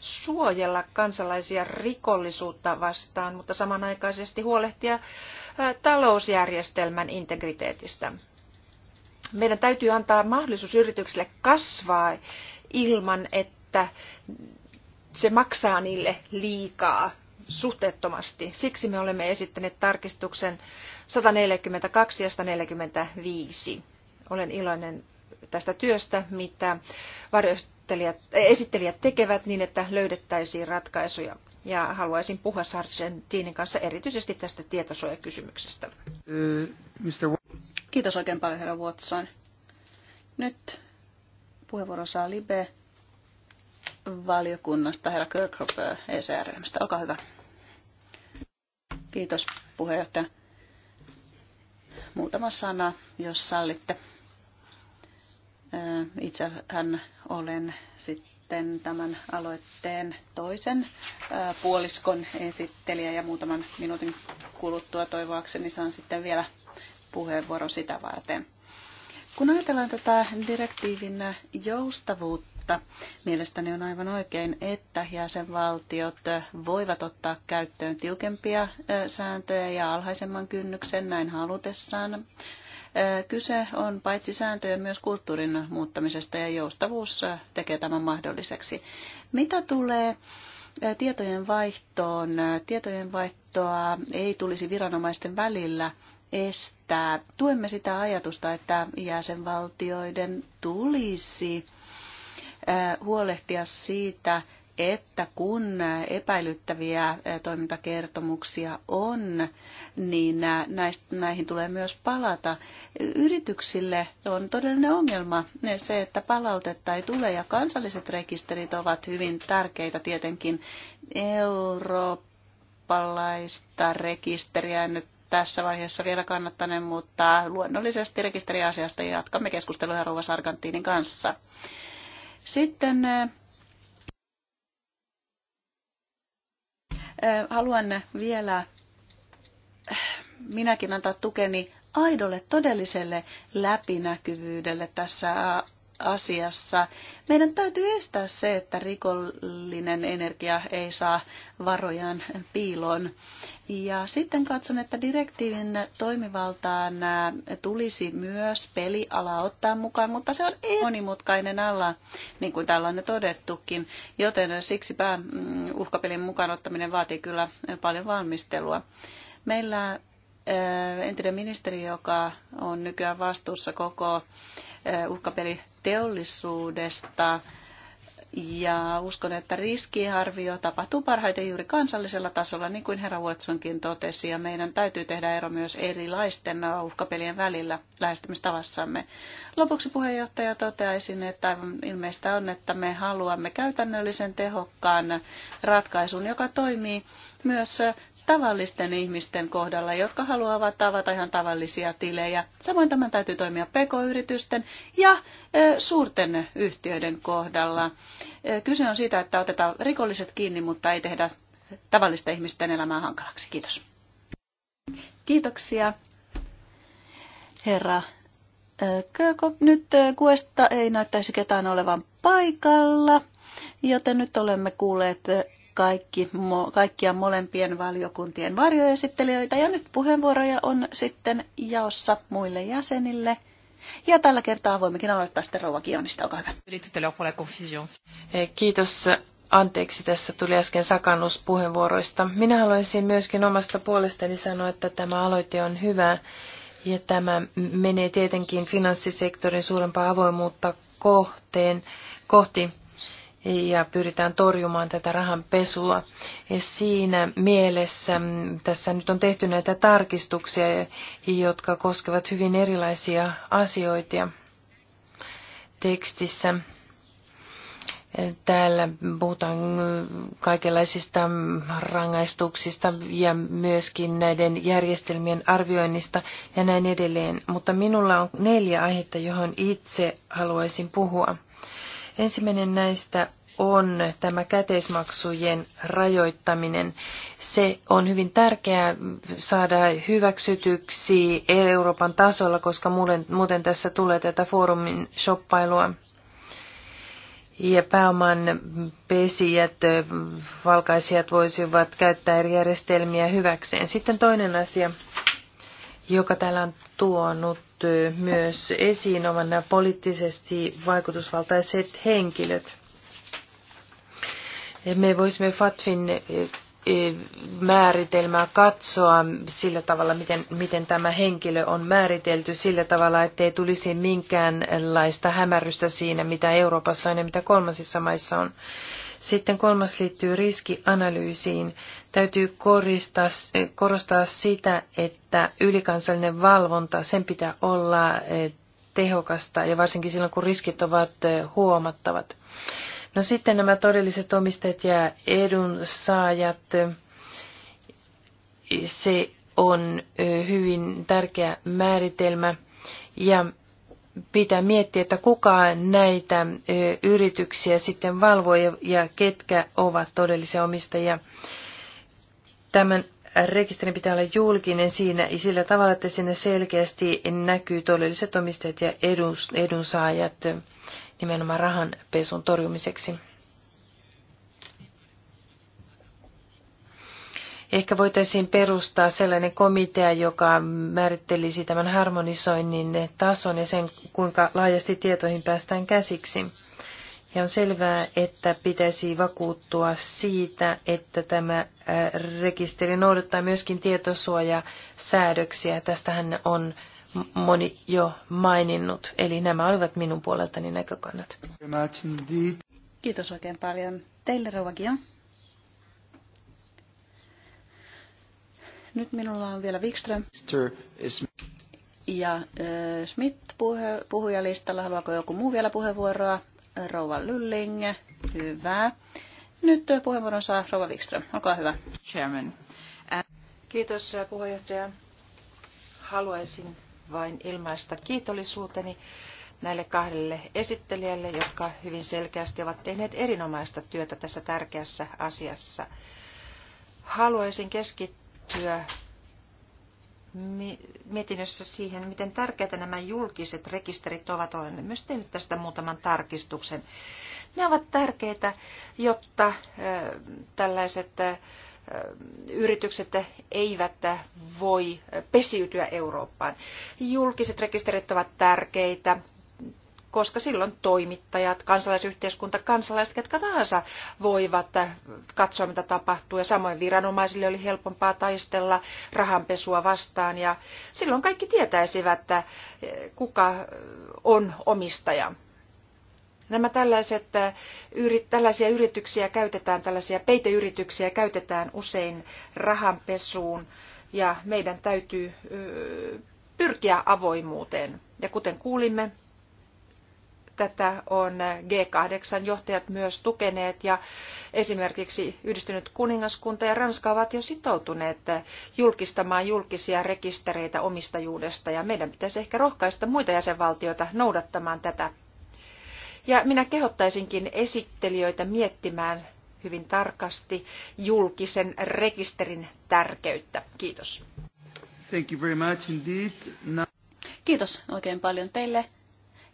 suojella kansalaisia rikollisuutta vastaan, mutta samanaikaisesti huolehtia talousjärjestelmän integriteetistä. Meidän täytyy antaa mahdollisuus yrityksille kasvaa ilman, että se maksaa niille liikaa suhteettomasti. Siksi me olemme esittäneet tarkistuksen 142 ja 145. Olen iloinen tästä työstä, mitä eh, esittelijät tekevät niin, että löydettäisiin ratkaisuja. Ja haluaisin puhua Sargentinin kanssa erityisesti tästä tietosuojakysymyksestä. Eh, Mr. Kiitos oikein paljon, herra Watson. Nyt puheenvuoro saa Libe valiokunnasta, herra Kirkhope ECR-ryhmästä. Olkaa hyvä. Kiitos puheenjohtaja. Muutama sana, jos sallitte. Itsehän olen sitten tämän aloitteen toisen puoliskon esittelijä ja muutaman minuutin kuluttua toivoakseni saan sitten vielä puheenvuoro sitä varten. Kun ajatellaan tätä direktiivin joustavuutta, mielestäni on aivan oikein, että jäsenvaltiot voivat ottaa käyttöön tiukempia sääntöjä ja alhaisemman kynnyksen näin halutessaan. Kyse on paitsi sääntöjen myös kulttuurin muuttamisesta ja joustavuus tekee tämän mahdolliseksi. Mitä tulee tietojen vaihtoon? Tietojen vaihtoa ei tulisi viranomaisten välillä estää. Tuemme sitä ajatusta, että jäsenvaltioiden tulisi huolehtia siitä, että kun epäilyttäviä toimintakertomuksia on, niin näihin tulee myös palata. Yrityksille on todellinen ongelma se, että palautetta ei tule ja kansalliset rekisterit ovat hyvin tärkeitä tietenkin Eurooppalaista rekisteriä en nyt tässä vaiheessa vielä kannattaneet, mutta luonnollisesti rekisteriasiasta jatkamme keskustelua Rouva Sargantinin kanssa. Sitten eh, eh, haluan vielä eh, minäkin antaa tukeni aidolle todelliselle läpinäkyvyydelle tässä asiassa. Meidän täytyy estää se, että rikollinen energia ei saa varojaan piiloon. Ja sitten katson, että direktiivin toimivaltaan tulisi myös peliala ottaa mukaan, mutta se on e- monimutkainen ala, niin kuin täällä on todettukin, joten siksi mm, uhkapelin mukaan ottaminen vaatii kyllä paljon valmistelua. Meillä entinen ministeri, joka on nykyään vastuussa koko Eh, uhkapeliteollisuudesta. Ja uskon, että riskiarvio tapahtuu parhaiten juuri kansallisella tasolla, niin kuin herra Watsonkin totesi, ja meidän täytyy tehdä ero myös erilaisten uhkapelien välillä lähestymistavassamme. Lopuksi puheenjohtaja toteaisin, että aivan ilmeistä on, että me haluamme käytännöllisen tehokkaan ratkaisun, joka toimii myös tavallisten ihmisten kohdalla, jotka haluavat tavata ihan tavallisia tilejä. Samoin tämän täytyy toimia pk-yritysten ja e, suurten yhtiöiden kohdalla. E, kyse on siitä, että otetaan rikolliset kiinni, mutta ei tehdä tavallisten ihmisten elämää hankalaksi. Kiitos. Kiitoksia, herra e, Kökop. Nyt kuesta ei näyttäisi ketään olevan paikalla, joten nyt olemme kuulleet kaikki, mo, kaikkia molempien valiokuntien varjoesittelijöitä ja nyt puheenvuoroja on sitten jaossa muille jäsenille. Ja tällä kertaa voimmekin aloittaa sitten Rouva Kionista, olkaa hyvä. Kiitos. Anteeksi, tässä tuli äsken sakannus puheenvuoroista. Minä haluaisin myöskin omasta puolestani sanoa, että tämä aloite on hyvä ja tämä menee tietenkin finanssisektorin suurempaa avoimuutta kohteen, kohti ja pyritään torjumaan tätä pesua. Ja siinä mielessä mm, tässä nyt on tehty näitä tarkistuksia, jotka koskevat hyvin erilaisia asioita tekstissä. Eh, täällä puhutaan mm, kaikenlaisista mm, rangaistuksista ja myöskin näiden järjestelmien arvioinnista ja näin edelleen. Mutta minulla on neljä aihetta, johon itse haluaisin puhua. Ensimmäinen näistä on tämä käteismaksujen rajoittaminen. Se on hyvin tärkeää saada hyväksytyksi Euroopan tasolla, koska muuten tässä tulee tätä foorumin shoppailua. Ja pääoman pesijät, valkaisijat voisivat käyttää eri järjestelmiä hyväkseen. Sitten toinen asia joka täällä on tuonut myös esiin oman nämä poliittisesti vaikutusvaltaiset henkilöt. Me voisimme FATFin määritelmää katsoa sillä tavalla, miten, miten tämä henkilö on määritelty sillä tavalla, ettei tulisi minkäänlaista hämärrystä siinä, mitä Euroopassa on ja mitä kolmansissa maissa on. Sitten kolmas liittyy riskianalyysiin. Täytyy koristaa, eh, korostaa sitä, että ylikansallinen valvonta, sen pitää olla eh, tehokasta ja varsinkin silloin, kun riskit ovat eh, huomattavat. No sitten nämä todelliset omistajat ja edunsaajat, se on hyvin tärkeä määritelmä. Ja pitää miettiä, että kuka näitä yrityksiä sitten valvoo ja ketkä ovat todellisia omistajia. Tämän rekisterin pitää olla julkinen siinä sillä tavalla, että siinä selkeästi näkyy todelliset omistajat ja edunsaajat nimenomaan rahanpesun torjumiseksi. Ehkä voitaisiin perustaa sellainen komitea, joka määrittelisi tämän harmonisoinnin tason ja sen, kuinka laajasti tietoihin päästään käsiksi. Ja on selvää, että pitäisi vakuuttua siitä, että tämä rekisteri noudattaa myöskin tietosuojasäädöksiä. Tästähän on moni jo maininnut. Eli nämä olivat minun puoleltani näkökannat. Kiitos oikein paljon teille, Rouva Nyt minulla on vielä Wikström. Ja äh, Schmidt puhe, puhujalistalla. Haluaako joku muu vielä puheenvuoroa? Rouva Lylling. Hyvä. Nyt puheenvuoron saa Rouva Wikström. Olkaa hyvä. Chairman. Äh, Kiitos äh, puheenjohtaja. Haluaisin vain ilmaista kiitollisuuteni näille kahdelle esittelijälle, jotka hyvin selkeästi ovat tehneet erinomaista työtä tässä tärkeässä asiassa. Haluaisin keskittyä keskittyä mietinnössä siihen, miten tärkeitä nämä julkiset rekisterit ovat. Olen myös tehnyt tästä muutaman tarkistuksen. Ne ovat tärkeitä, jotta tällaiset yritykset eivät voi pesiytyä Eurooppaan. Julkiset rekisterit ovat tärkeitä, koska silloin toimittajat, kansalaisyhteiskunta, kansalaiset, ketkä tahansa voivat äh, katsoa, mitä tapahtuu. Ja samoin viranomaisille oli helpompaa taistella rahanpesua vastaan. Ja silloin kaikki tietäisivät, että äh, kuka äh, on omistaja. Nämä tällaiset, tällaisia yrityksiä käytetään, tällaisia peiteyrityksiä käytetään usein rahanpesuun ja meidän täytyy pyrkiä avoimuuteen. Ja kuten kuulimme, tätä on G8 johtajat myös tukeneet ja esimerkiksi yhdistynyt kuningaskunta ja Ranska ovat jo sitoutuneet julkistamaan julkisia rekistereitä omistajuudesta ja meidän pitäisi ehkä rohkaista muita jäsenvaltioita noudattamaan tätä. Ja minä kehottaisinkin esittelijöitä miettimään hyvin tarkasti julkisen rekisterin tärkeyttä. Kiitos. Thank you very much indeed. Kiitos oikein paljon teille.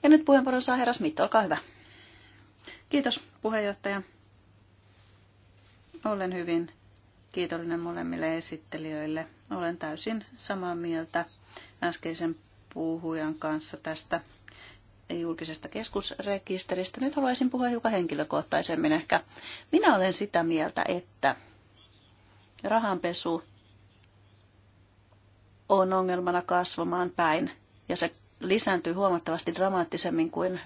Ja nyt puheenvuoron saa herra Smith, olkaa hyvä. Kiitos puheenjohtaja. Olen hyvin kiitollinen molemmille esittelijöille. Olen täysin samaa mieltä äskeisen puhujan kanssa tästä julkisesta keskusrekisteristä. Nyt haluaisin puhua hiukan henkilökohtaisemmin ehkä. Minä olen sitä mieltä, että rahanpesu on ongelmana kasvamaan päin ja se lisääntyy huomattavasti dramaattisemmin kuin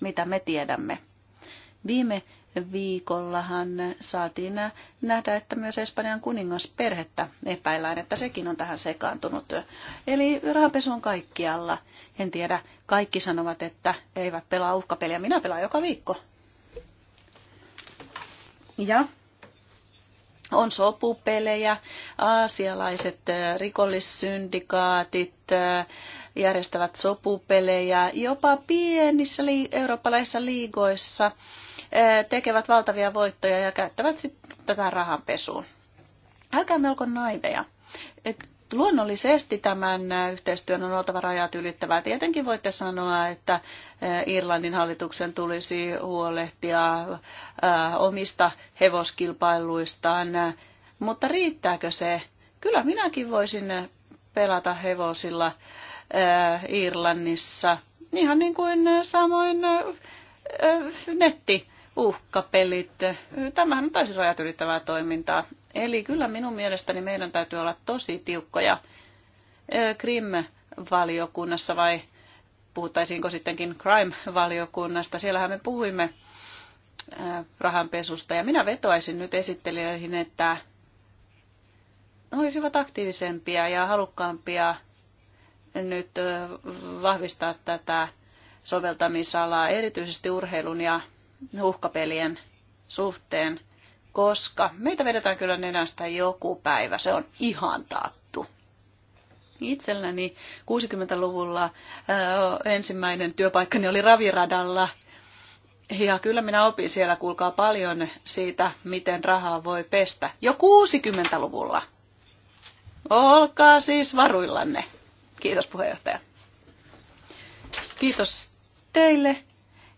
mitä me tiedämme. Viime viikollahan saatiin nähdä, että myös Espanjan kuningasperhettä epäillään, että sekin on tähän sekaantunut. Eli rahanpesu on kaikkialla. En tiedä, kaikki sanovat, että eivät pelaa uhkapeliä. Minä pelaan joka viikko. Ja on sopupelejä, aasialaiset äh, rikollissyndikaatit, äh, järjestävät sopupelejä, jopa pienissä li- eurooppalaisissa liigoissa eh, tekevät valtavia voittoja ja käyttävät sitten tätä rahanpesuun. Älkää melko naiveja. Eh, luonnollisesti tämän eh, yhteistyön on oltava rajat ylittävää. Tietenkin voitte sanoa, että Irlannin hallituksen tulisi huolehtia omista hevoskilpailuistaan, mutta riittääkö se? Kyllä minäkin voisin pelata hevosilla Äh, Irlannissa. Ihan niin kuin äh, samoin äh, nettiuhkapelit. Tämähän on täysin rajat ylittävää toimintaa. Eli kyllä minun mielestäni meidän täytyy olla tosi tiukkoja Krim-valiokunnassa vai puhuttaisiinko sittenkin Crime-valiokunnasta. Siellähän me puhuimme rahanpesusta ja minä vetoaisin nyt esittelijöihin, että olisivat aktiivisempia ja halukkaampia nyt vahvistaa tätä soveltamisalaa erityisesti urheilun ja uhkapelien suhteen, koska meitä vedetään kyllä nenästä joku päivä, se on ihan taattu. Itselläni 60-luvulla ensimmäinen työpaikkani oli raviradalla ja kyllä minä opin siellä, kuulkaa paljon siitä, miten rahaa voi pestä. Jo 60-luvulla. Olkaa siis varuillanne. Kiitos puheenjohtaja. Kiitos teille.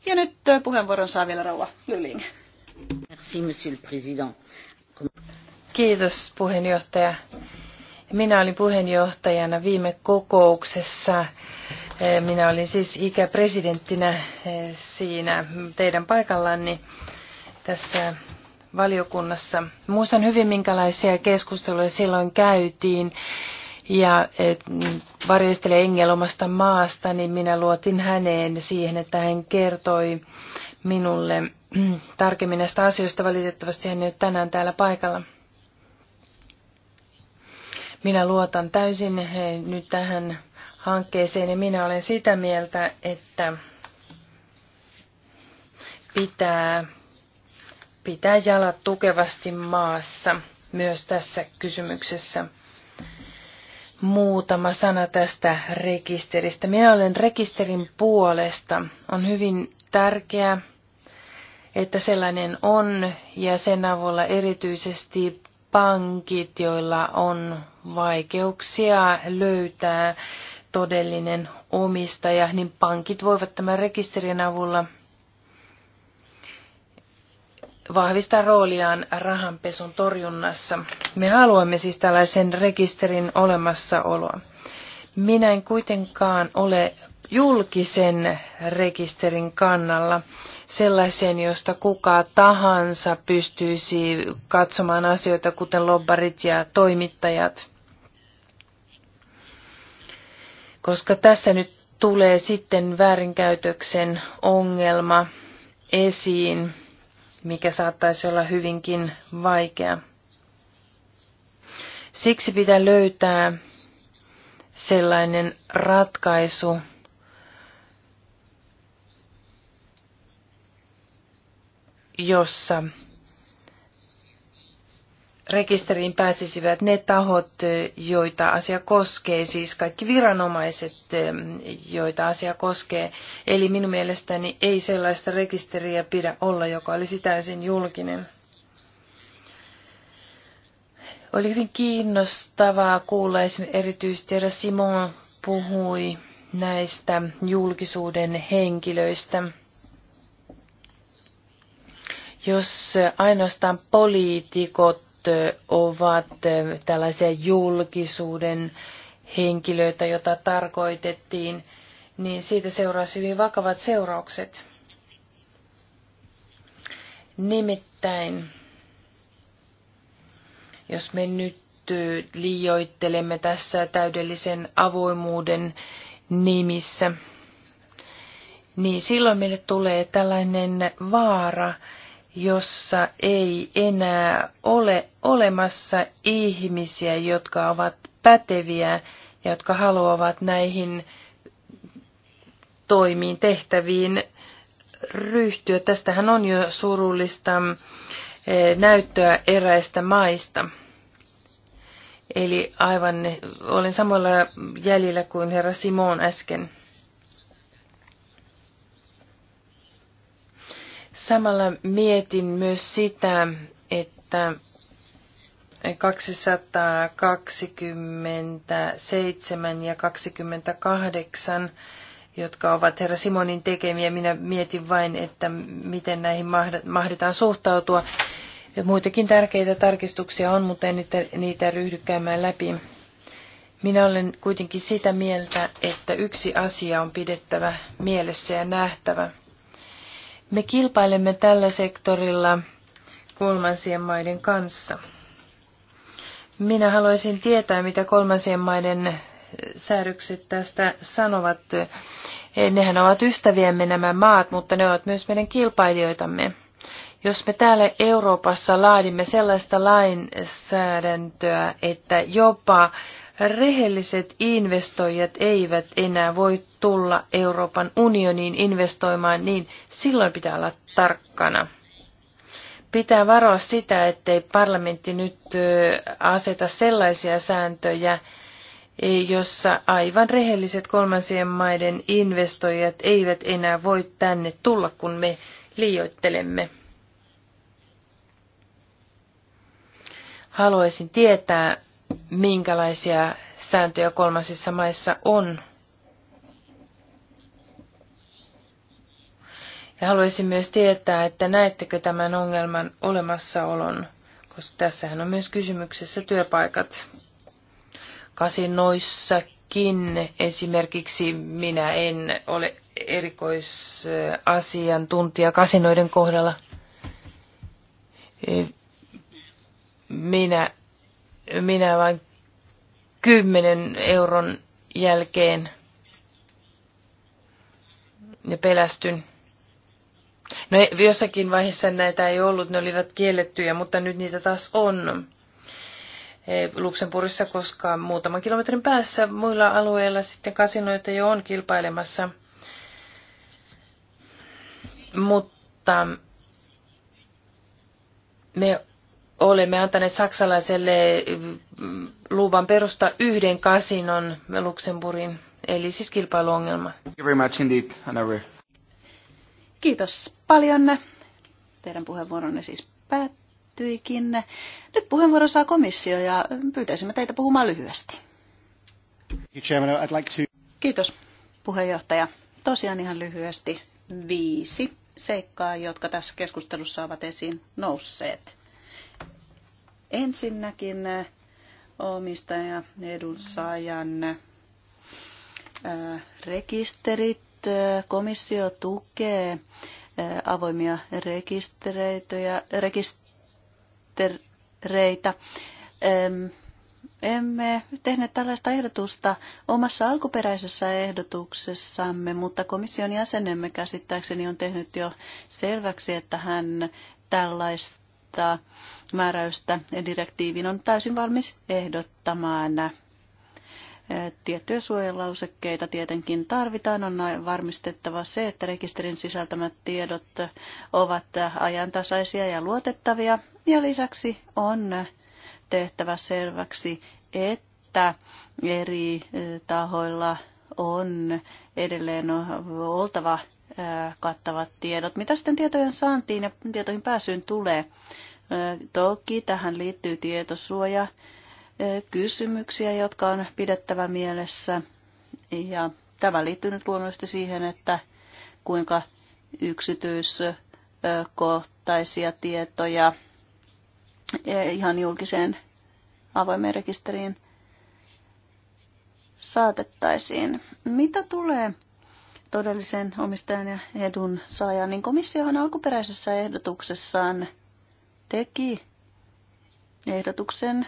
Ja nyt puheenvuoron saa vielä rouva Lyling. Merci, monsieur le président. Kiitos puheenjohtaja. Minä olin puheenjohtajana viime kokouksessa. E, minä olin siis ikäpresidenttinä e, siinä teidän paikallanne tässä valiokunnassa. Muistan hyvin, minkälaisia keskusteluja silloin käytiin ja mm, varjostele Engel omasta maasta, niin minä luotin häneen siihen, että hän kertoi minulle mm, tarkemmin näistä asioista. Valitettavasti hän ei ole tänään täällä paikalla. Minä luotan täysin nyt tähän hankkeeseen ja minä olen sitä mieltä, että pitää, pitää jalat tukevasti maassa myös tässä kysymyksessä muutama sana tästä rekisteristä. Minä olen rekisterin puolesta. On hyvin tärkeää, että sellainen on ja sen avulla erityisesti pankit, joilla on vaikeuksia löytää todellinen omistaja, niin pankit voivat tämän rekisterin avulla vahvistaa rooliaan rahanpesun torjunnassa. Me haluamme siis tällaisen rekisterin olemassaoloa. Minä en kuitenkaan ole julkisen rekisterin kannalla sellaisen, josta kuka tahansa pystyisi katsomaan asioita, kuten lobbarit ja toimittajat. Koska tässä nyt tulee sitten väärinkäytöksen ongelma esiin mikä saattaisi olla hyvinkin vaikea. Siksi pitää löytää sellainen ratkaisu, jossa rekisteriin pääsisivät ne tahot, joita asia koskee, siis kaikki viranomaiset, joita asia koskee. Eli minun mielestäni ei sellaista rekisteriä pidä olla, joka olisi täysin julkinen. Oli hyvin kiinnostavaa kuulla esimerkiksi erityisesti että Simon puhui näistä julkisuuden henkilöistä jos ainoastaan poliitikot ovat tällaisia julkisuuden henkilöitä, joita tarkoitettiin, niin siitä seurasi hyvin vakavat seuraukset. Nimittäin, jos me nyt liioittelemme tässä täydellisen avoimuuden nimissä, niin silloin meille tulee tällainen vaara, jossa ei enää ole olemassa ihmisiä, jotka ovat päteviä ja jotka haluavat näihin toimiin, tehtäviin ryhtyä. Tästähän on jo surullista eh, näyttöä eräistä maista. Eli aivan eh, olen samalla jäljellä kuin herra Simon äsken. Samalla mietin myös sitä, että 227 ja 28, jotka ovat herra Simonin tekemiä, minä mietin vain, että miten näihin mahdetaan suhtautua. Muitakin tärkeitä tarkistuksia on, mutta en nyt niitä ryhdy käymään läpi. Minä olen kuitenkin sitä mieltä, että yksi asia on pidettävä mielessä ja nähtävä – me kilpailemme tällä sektorilla kolmansien maiden kanssa. Minä haluaisin tietää, mitä kolmansien maiden säädökset tästä sanovat. Nehän ovat ystäviämme nämä maat, mutta ne ovat myös meidän kilpailijoitamme. Jos me täällä Euroopassa laadimme sellaista lainsäädäntöä, että jopa rehelliset investoijat eivät enää voi tulla Euroopan unioniin investoimaan, niin silloin pitää olla tarkkana. Pitää varoa sitä, ettei parlamentti nyt aseta sellaisia sääntöjä, e, jossa aivan rehelliset kolmansien maiden investoijat eivät enää voi tänne tulla, kun me liioittelemme. Haluaisin tietää, minkälaisia sääntöjä kolmansissa maissa on. Ja haluaisin myös tietää, että näettekö tämän ongelman olemassaolon, koska tässähän on myös kysymyksessä työpaikat. Kasinoissakin esimerkiksi minä en ole erikoisasiantuntija kasinoiden kohdalla. Minä minä vain kymmenen euron jälkeen ja pelästyn. No jossakin vaiheessa näitä ei ollut, ne olivat kiellettyjä, mutta nyt niitä taas on. Luxemburgissa, koska muutaman kilometrin päässä muilla alueilla sitten kasinoita jo on kilpailemassa. Mutta me olemme antaneet saksalaiselle luvan perustaa yhden kasinon Luxemburgin, eli siis kilpailuongelma. Kiitos paljon. Teidän puheenvuoronne siis päättyikin. Nyt puheenvuoro saa komissio ja pyytäisimme teitä puhumaan lyhyesti. Kiitos puheenjohtaja. Tosiaan ihan lyhyesti viisi seikkaa, jotka tässä keskustelussa ovat esiin nousseet. Ensinnäkin eh, ja edunsaajan eh, rekisterit. Eh, komissio tukee avoimia rekistereitä, rekistereitä emme tehneet tällaista ehdotusta omassa alkuperäisessä ehdotuksessamme, mutta komission jäsenemme käsittääkseni on tehnyt jo selväksi, että hän tällaista uutta määräystä direktiivin on täysin valmis ehdottamaan. Tiettyjä suojelausekkeita tietenkin tarvitaan. On varmistettava se, että rekisterin sisältämät tiedot ovat ajantasaisia ja luotettavia. Ja lisäksi on tehtävä selväksi, että eri tahoilla on edelleen oltava kattavat tiedot. Mitä sitten tietojen saantiin ja tietoihin pääsyyn tulee? Toki tähän liittyy tietosuoja kysymyksiä, jotka on pidettävä mielessä. Ja tämä liittyy nyt luonnollisesti siihen, että kuinka yksityiskohtaisia tietoja ihan julkiseen avoimeen rekisteriin saatettaisiin. Mitä tulee todellisen omistajan ja edun saajan, niin komissiohan alkuperäisessä ehdotuksessaan teki ehdotuksen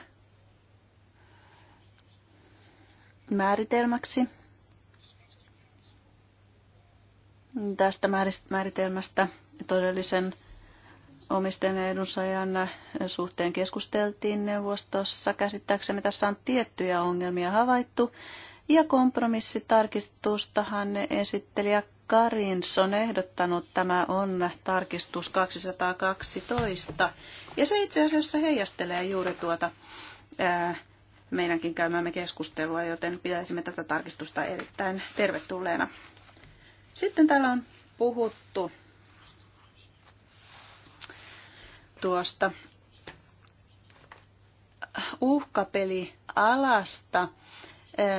määritelmäksi tästä määritelmästä todellisen omistajan ja edunsaajan suhteen keskusteltiin neuvostossa. Käsittääksemme tässä on tiettyjä ongelmia havaittu, ja kompromissitarkistustahan esittelijä Karins on ehdottanut, tämä on tarkistus 212. Ja se itse asiassa heijastelee juuri tuota ää, meidänkin käymämme keskustelua, joten pitäisimme tätä tarkistusta erittäin tervetulleena. Sitten täällä on puhuttu tuosta uhkapelialasta. alasta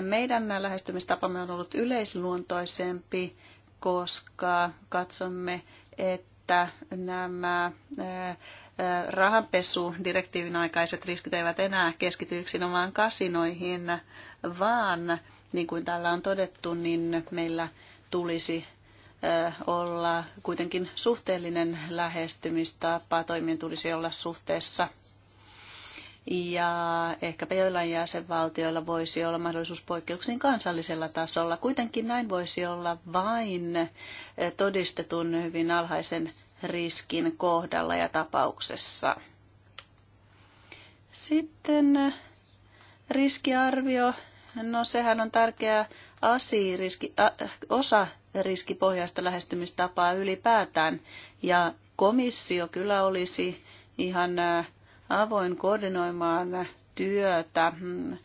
meidän lähestymistapamme on ollut yleisluontoisempi, koska katsomme, että nämä rahanpesudirektiivin aikaiset riskit eivät enää keskity yksinomaan kasinoihin, vaan niin kuin täällä on todettu, niin meillä tulisi olla kuitenkin suhteellinen lähestymistapa. Toimien tulisi olla suhteessa ja ehkäpä joillain jäsenvaltioilla voisi olla mahdollisuus poikkeuksiin kansallisella tasolla. Kuitenkin näin voisi olla vain eh, todistetun hyvin alhaisen riskin kohdalla ja tapauksessa. Sitten eh, riskiarvio. No sehän on tärkeä asia, riski, osa riskipohjaista lähestymistapaa ylipäätään. Ja komissio kyllä olisi ihan eh, avoin koordinoimaan työtä mm,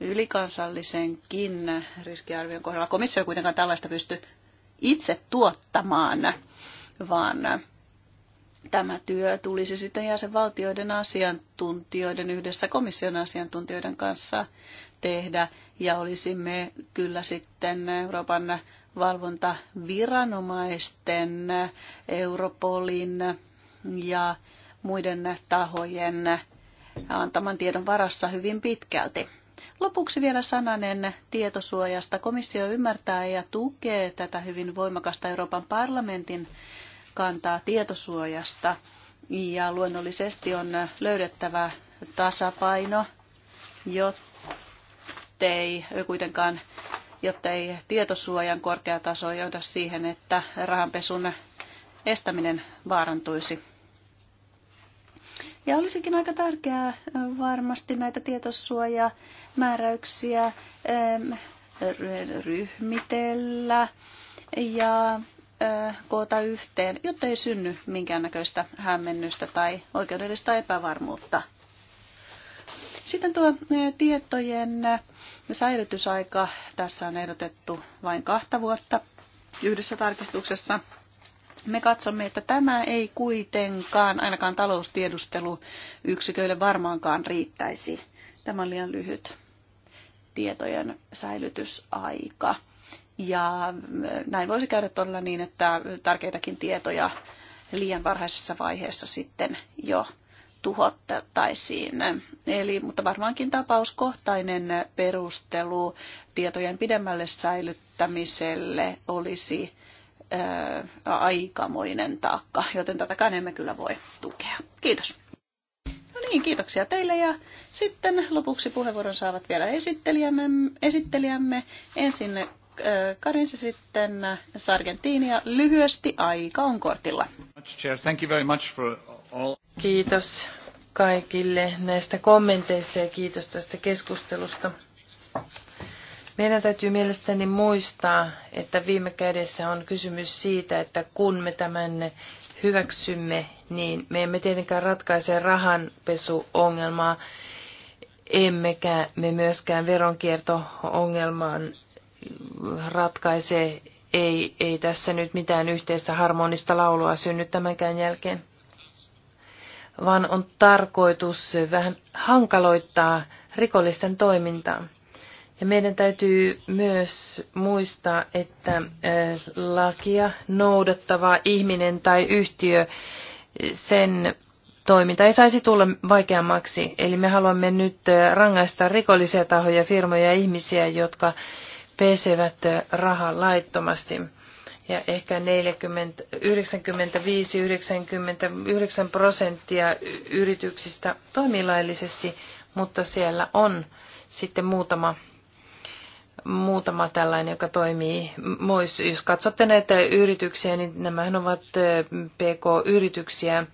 ylikansallisenkin riskiarvion kohdalla. Komissio ei kuitenkaan tällaista pysty itse tuottamaan, vaan tämä työ tulisi sitten jäsenvaltioiden asiantuntijoiden yhdessä komission asiantuntijoiden kanssa tehdä ja olisimme kyllä sitten Euroopan valvontaviranomaisten, Europolin ja muiden tahojen antaman tiedon varassa hyvin pitkälti. Lopuksi vielä sananen tietosuojasta. Komissio ymmärtää ja tukee tätä hyvin voimakasta Euroopan parlamentin kantaa tietosuojasta. Ja luonnollisesti on löydettävä tasapaino, jottei kuitenkaan jottei tietosuojan korkea taso johda siihen, että rahanpesun estäminen vaarantuisi. Ja olisikin aika tärkeää varmasti näitä tietosuojamääräyksiä ryhmitellä ja koota yhteen, jotta ei synny minkäännäköistä hämmennystä tai oikeudellista epävarmuutta. Sitten tuo tietojen säilytysaika, tässä on ehdotettu vain kahta vuotta yhdessä tarkistuksessa me katsomme, että tämä ei kuitenkaan ainakaan yksiköille varmaankaan riittäisi. Tämä on liian lyhyt tietojen säilytysaika. Ja äh, näin voisi käydä todella niin, että tärkeitäkin tietoja liian varhaisessa vaiheessa sitten jo tuhottaisiin. Eli, mutta varmaankin tapauskohtainen perustelu tietojen pidemmälle säilyttämiselle olisi aikamoinen taakka, joten tätäkään emme kyllä voi tukea. Kiitos. No niin, kiitoksia teille ja sitten lopuksi puheenvuoron saavat vielä esittelijämme. esittelijämme. Ensin Karin se sitten ja lyhyesti aika on kortilla. Kiitos kaikille näistä kommenteista ja kiitos tästä keskustelusta. Meidän täytyy mielestäni muistaa, että viime kädessä on kysymys siitä, että kun me tämän hyväksymme, niin me emme tietenkään ratkaise rahanpesuongelmaa, emmekä me myöskään veronkierto-ongelmaan ratkaise. Ei, ei tässä nyt mitään yhteistä harmonista laulua synny tämänkään jälkeen, vaan on tarkoitus vähän hankaloittaa rikollisten toimintaa. Ja meidän täytyy myös muistaa, että lakia noudattava ihminen tai yhtiö, sen toiminta ei saisi tulla vaikeammaksi. Eli me haluamme nyt rangaista rikollisia tahoja, firmoja ja ihmisiä, jotka pesevät rahaa laittomasti. Ja ehkä 95, 99 prosenttia yrityksistä toimii laillisesti, mutta siellä on sitten muutama muutama tällainen, joka toimii. Mois, jos katsotte näitä yrityksiä, niin nämä ovat PK-yrityksiä.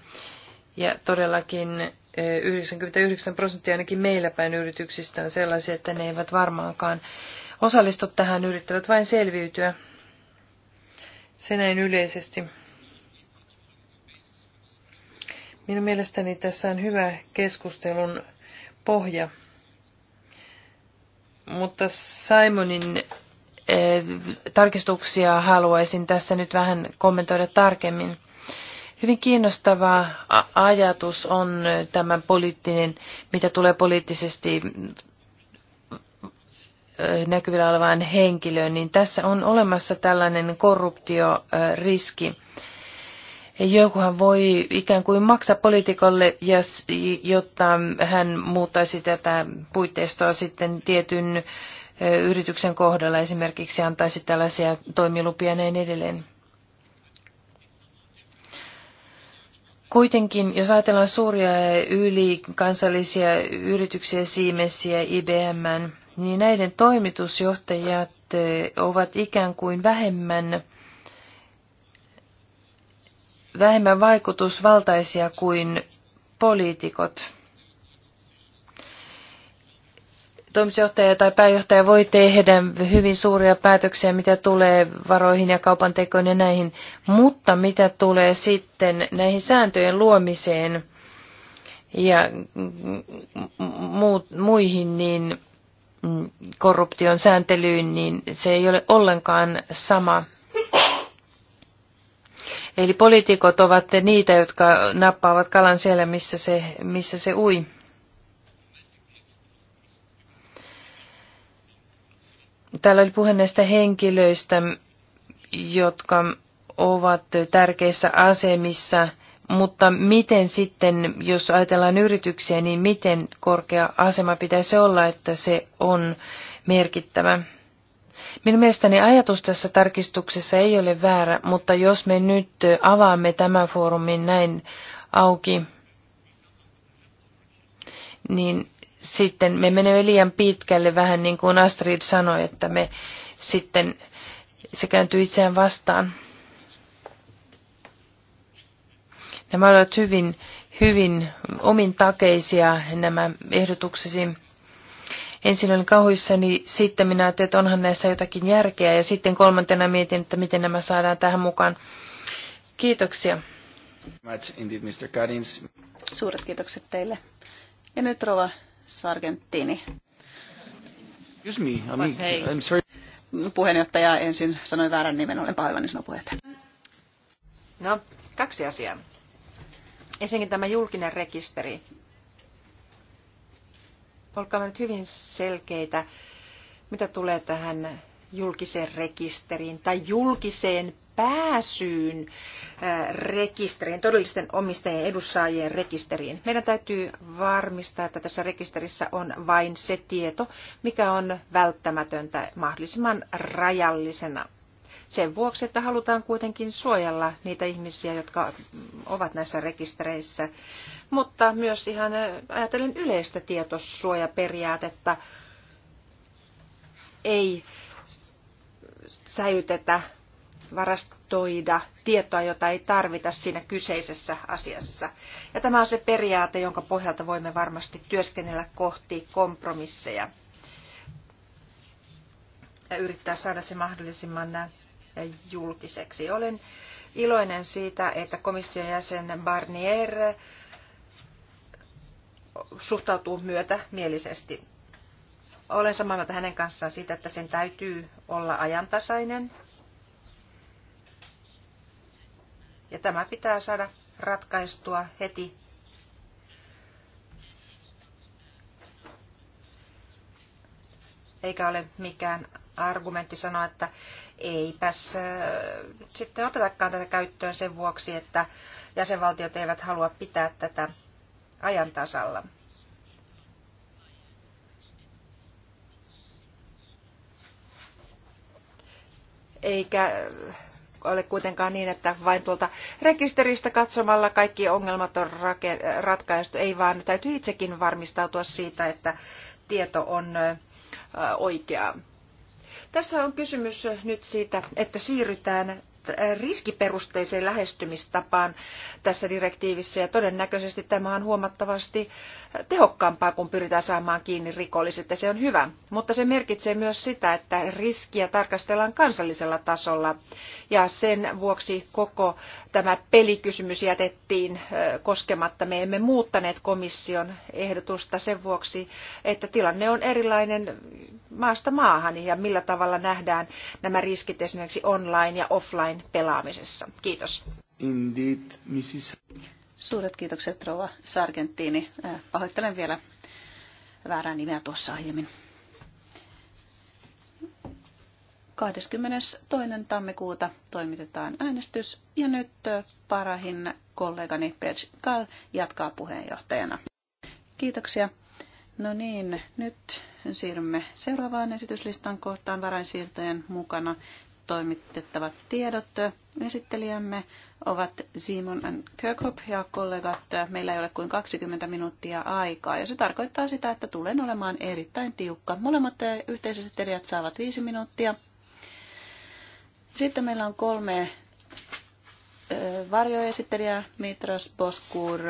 Ja todellakin 99 prosenttia ainakin meillä päin yrityksistä on sellaisia, että ne eivät varmaankaan osallistu tähän, yrittävät vain selviytyä. Se näin yleisesti. Minun mielestäni tässä on hyvä keskustelun pohja mutta Simonin eh, tarkistuksia haluaisin tässä nyt vähän kommentoida tarkemmin. Hyvin kiinnostava ajatus on tämä poliittinen, mitä tulee poliittisesti eh, näkyvillä olevaan henkilöön, niin tässä on olemassa tällainen korruptioriski. Eh, Jokuhan voi ikään kuin maksaa poliitikolle, jotta hän muuttaisi tätä puitteistoa sitten tietyn yrityksen kohdalla esimerkiksi antaisi tällaisia toimilupia ja näin edelleen. Kuitenkin, jos ajatellaan suuria ylikansallisia yrityksiä, Siemensiä, IBM, niin näiden toimitusjohtajat ovat ikään kuin vähemmän vähemmän vaikutusvaltaisia kuin poliitikot. Toimitusjohtaja tai pääjohtaja voi tehdä hyvin suuria päätöksiä, mitä tulee varoihin ja kaupan tekoon ja näihin, mutta mitä tulee sitten näihin sääntöjen luomiseen ja muihin, niin korruption sääntelyyn, niin se ei ole ollenkaan sama Eli poliitikot ovat niitä, jotka nappaavat kalan siellä, missä se, missä se ui. Täällä oli puhe näistä henkilöistä, jotka ovat tärkeissä asemissa, mutta miten sitten, jos ajatellaan yrityksiä, niin miten korkea asema pitäisi olla, että se on merkittävä? Minun mielestäni ajatus tässä tarkistuksessa ei ole väärä, mutta jos me nyt avaamme tämän foorumin näin auki, niin sitten me menemme liian pitkälle, vähän niin kuin Astrid sanoi, että me sitten se kääntyy itseään vastaan. Nämä ovat hyvin, hyvin omin takeisia nämä ehdotuksesi. Ensin olin kauhuissani, sitten minä ajattelin, että onhan näissä jotakin järkeä ja sitten kolmantena mietin, että miten nämä saadaan tähän mukaan. Kiitoksia. Indeed, Mr. Suuret kiitokset teille. Ja nyt Rova Sargentini. Excuse me, I'm, I'm sorry. Puheenjohtaja ensin sanoi väärän nimen, olen pahoillani sinua puheenjohtaja. No, kaksi asiaa. Ensinnäkin tämä julkinen rekisteri olkaamme nyt hyvin selkeitä, mitä tulee tähän julkiseen rekisteriin tai julkiseen pääsyyn rekisteriin, todellisten omistajien edussaajien rekisteriin. Meidän täytyy varmistaa, että tässä rekisterissä on vain se tieto, mikä on välttämätöntä mahdollisimman rajallisena sen vuoksi, että halutaan kuitenkin suojella niitä ihmisiä, jotka ovat näissä rekistereissä, mutta myös ihan ajatellen yleistä tietosuojaperiaatetta ei säilytetä varastoida tietoa, jota ei tarvita siinä kyseisessä asiassa. Ja tämä on se periaate, jonka pohjalta voimme varmasti työskennellä kohti kompromisseja ja yrittää saada se mahdollisimman julkiseksi. Olen iloinen siitä, että komission jäsen Barnier suhtautuu myötämielisesti. Olen samaa mieltä hänen kanssaan siitä, että sen täytyy olla ajantasainen. Ja tämä pitää saada ratkaistua heti eikä ole mikään argumentti sanoa, että eipäs sitten otetakaan tätä käyttöön sen vuoksi, että jäsenvaltiot eivät halua pitää tätä ajan tasalla. Eikä ole kuitenkaan niin, että vain tuolta rekisteristä katsomalla kaikki ongelmat on ratkaistu, ei vaan täytyy itsekin varmistautua siitä, että tieto on oikeaa. Tässä on kysymys nyt siitä, että siirrytään riskiperusteiseen lähestymistapaan tässä direktiivissä ja todennäköisesti tämä on huomattavasti tehokkaampaa, kun pyritään saamaan kiinni rikolliset ja se on hyvä. Mutta se merkitsee myös sitä, että riskiä tarkastellaan kansallisella tasolla ja sen vuoksi koko tämä pelikysymys jätettiin koskematta. Me emme muuttaneet komission ehdotusta sen vuoksi, että tilanne on erilainen maasta maahan ja millä tavalla nähdään nämä riskit esimerkiksi online ja offline online pelaamisessa. Kiitos. Indeed, Mrs. Suuret kiitokset Rova Sargentini. Äh, pahoittelen vielä väärää nimeä tuossa aiemmin. 22. tammikuuta toimitetaan äänestys ja nyt äh, parahin kollegani Pech Kall jatkaa puheenjohtajana. Kiitoksia. No niin, nyt siirrymme seuraavaan esityslistan kohtaan varainsiirtojen mukana toimitettavat tiedot esittelijämme ovat Simon and Kirkhope ja kollegat. Meillä ei ole kuin 20 minuuttia aikaa ja se tarkoittaa sitä, että tulen olemaan erittäin tiukka. Molemmat yhteisesittelijät saavat 5 minuuttia. Sitten meillä on kolme varjoesittelijää, Mitras Boskur,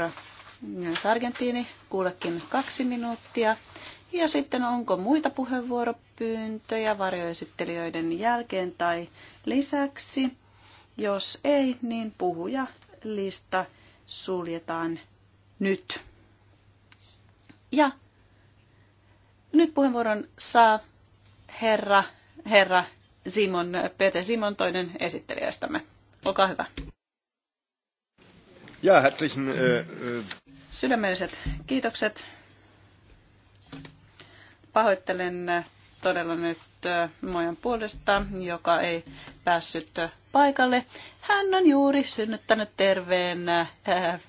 Sargentini, kuullekin kaksi minuuttia. Ja sitten onko muita puheenvuoropyyntöjä varjoesittelijöiden jälkeen tai lisäksi? Jos ei, niin puhuja lista suljetaan nyt. Ja nyt puheenvuoron saa herra, herra Simon, Pete Simon, toinen esittelijöistämme. Olkaa hyvä. Ja, herzlichen, äh, äh... Sydämelliset kiitokset Pahoittelen todella nyt Mojan puolesta, joka ei päässyt paikalle. Hän on juuri synnyttänyt terveen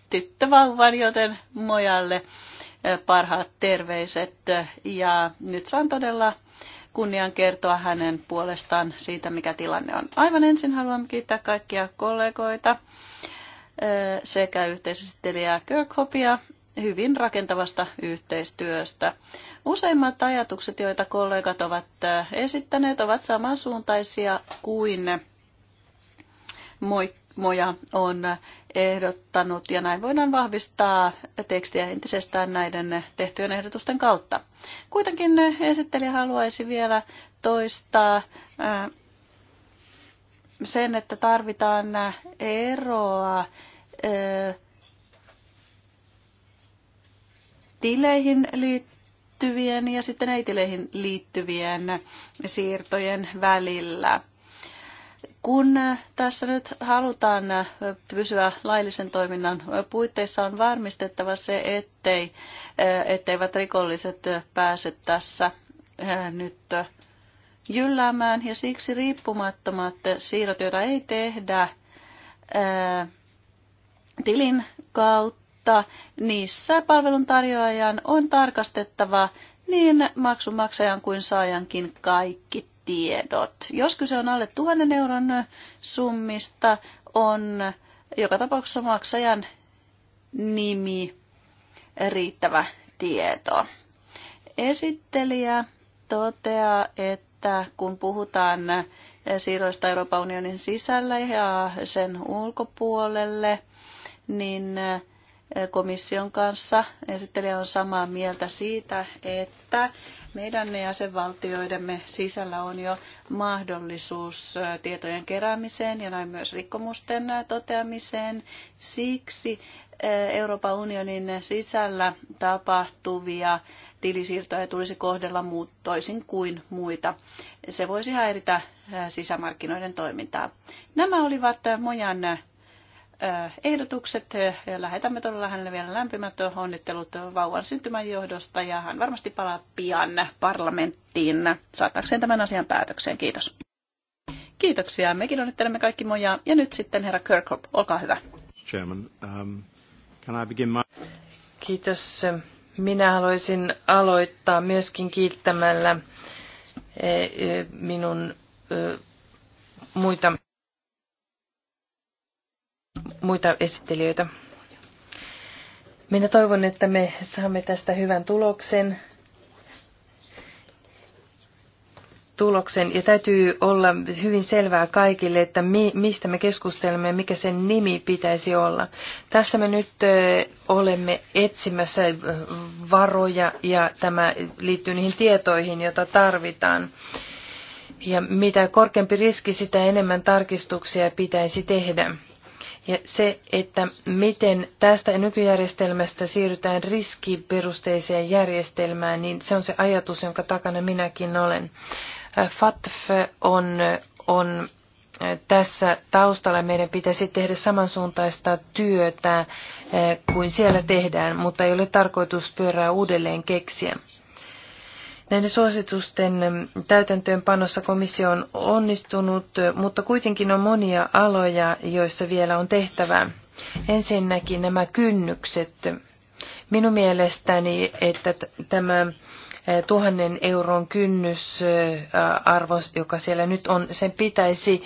tyttövauvan, joten Mojalle parhaat terveiset. Ja nyt saan todella kunnian kertoa hänen puolestaan siitä, mikä tilanne on. Aivan ensin haluan kiittää kaikkia kollegoita sekä yhteisesittelijää Kirkhopia hyvin rakentavasta yhteistyöstä. Useimmat ajatukset, joita kollegat ovat äh, esittäneet, ovat samansuuntaisia kuin Moja on ehdottanut, ja näin voidaan vahvistaa tekstiä entisestään näiden tehtyjen ehdotusten kautta. Kuitenkin esittelijä haluaisi vielä toistaa äh, sen, että tarvitaan eroa äh, tileihin liittyen liittyvien ja sitten äitileihin liittyvien siirtojen välillä. Kun tässä nyt halutaan pysyä laillisen toiminnan puitteissa, on varmistettava se, ettei, etteivät rikolliset pääse tässä nyt jylläämään. Ja siksi riippumattomat siirrot, joita ei tehdä tilin kautta, mutta niissä palveluntarjoajan on tarkastettava niin maksumaksajan kuin saajankin kaikki tiedot. Jos kyse on alle tuhannen euron summista, on joka tapauksessa maksajan nimi riittävä tieto. Esittelijä toteaa, että kun puhutaan siirroista Euroopan unionin sisällä ja sen ulkopuolelle, niin komission kanssa. Esittelijä on samaa mieltä siitä, että meidän jäsenvaltioidemme sisällä on jo mahdollisuus tietojen keräämiseen ja näin myös rikkomusten toteamiseen. Siksi Euroopan unionin sisällä tapahtuvia tilisiirtoja tulisi kohdella muut toisin kuin muita. Se voisi häiritä sisämarkkinoiden toimintaa. Nämä olivat Mojan ehdotukset. Lähetämme todella hänelle vielä lämpimät onnittelut vauvan syntymän johdosta ja hän varmasti palaa pian parlamenttiin saattaakseen tämän asian päätökseen. Kiitos. Kiitoksia. Mekin onnittelemme kaikki moja. Ja nyt sitten herra Kirkhop, olkaa hyvä. Chairman, um, can I begin my... Kiitos. Minä haluaisin aloittaa myöskin kiittämällä eh, eh, minun eh, muita muita esittelijöitä. Minä toivon, että me saamme tästä hyvän tuloksen. tuloksen. Ja täytyy olla hyvin selvää kaikille, että mi, mistä me keskustelemme ja mikä sen nimi pitäisi olla. Tässä me nyt ö, olemme etsimässä varoja ja tämä liittyy niihin tietoihin, joita tarvitaan. Ja mitä korkeampi riski, sitä enemmän tarkistuksia pitäisi tehdä. Ja se, että miten tästä nykyjärjestelmästä siirrytään riskiperusteiseen järjestelmään, niin se on se ajatus, jonka takana minäkin olen. FATF äh, on, on äh, tässä taustalla meidän pitäisi tehdä samansuuntaista työtä äh, kuin siellä tehdään, mutta ei ole tarkoitus pyörää uudelleen keksiä. Näiden suositusten täytäntöönpanossa komissio on onnistunut, mutta kuitenkin on monia aloja, joissa vielä on tehtävää. Ensinnäkin nämä kynnykset. Minun mielestäni, että tämä tuhannen euron kynnysarvo, joka siellä nyt on, sen pitäisi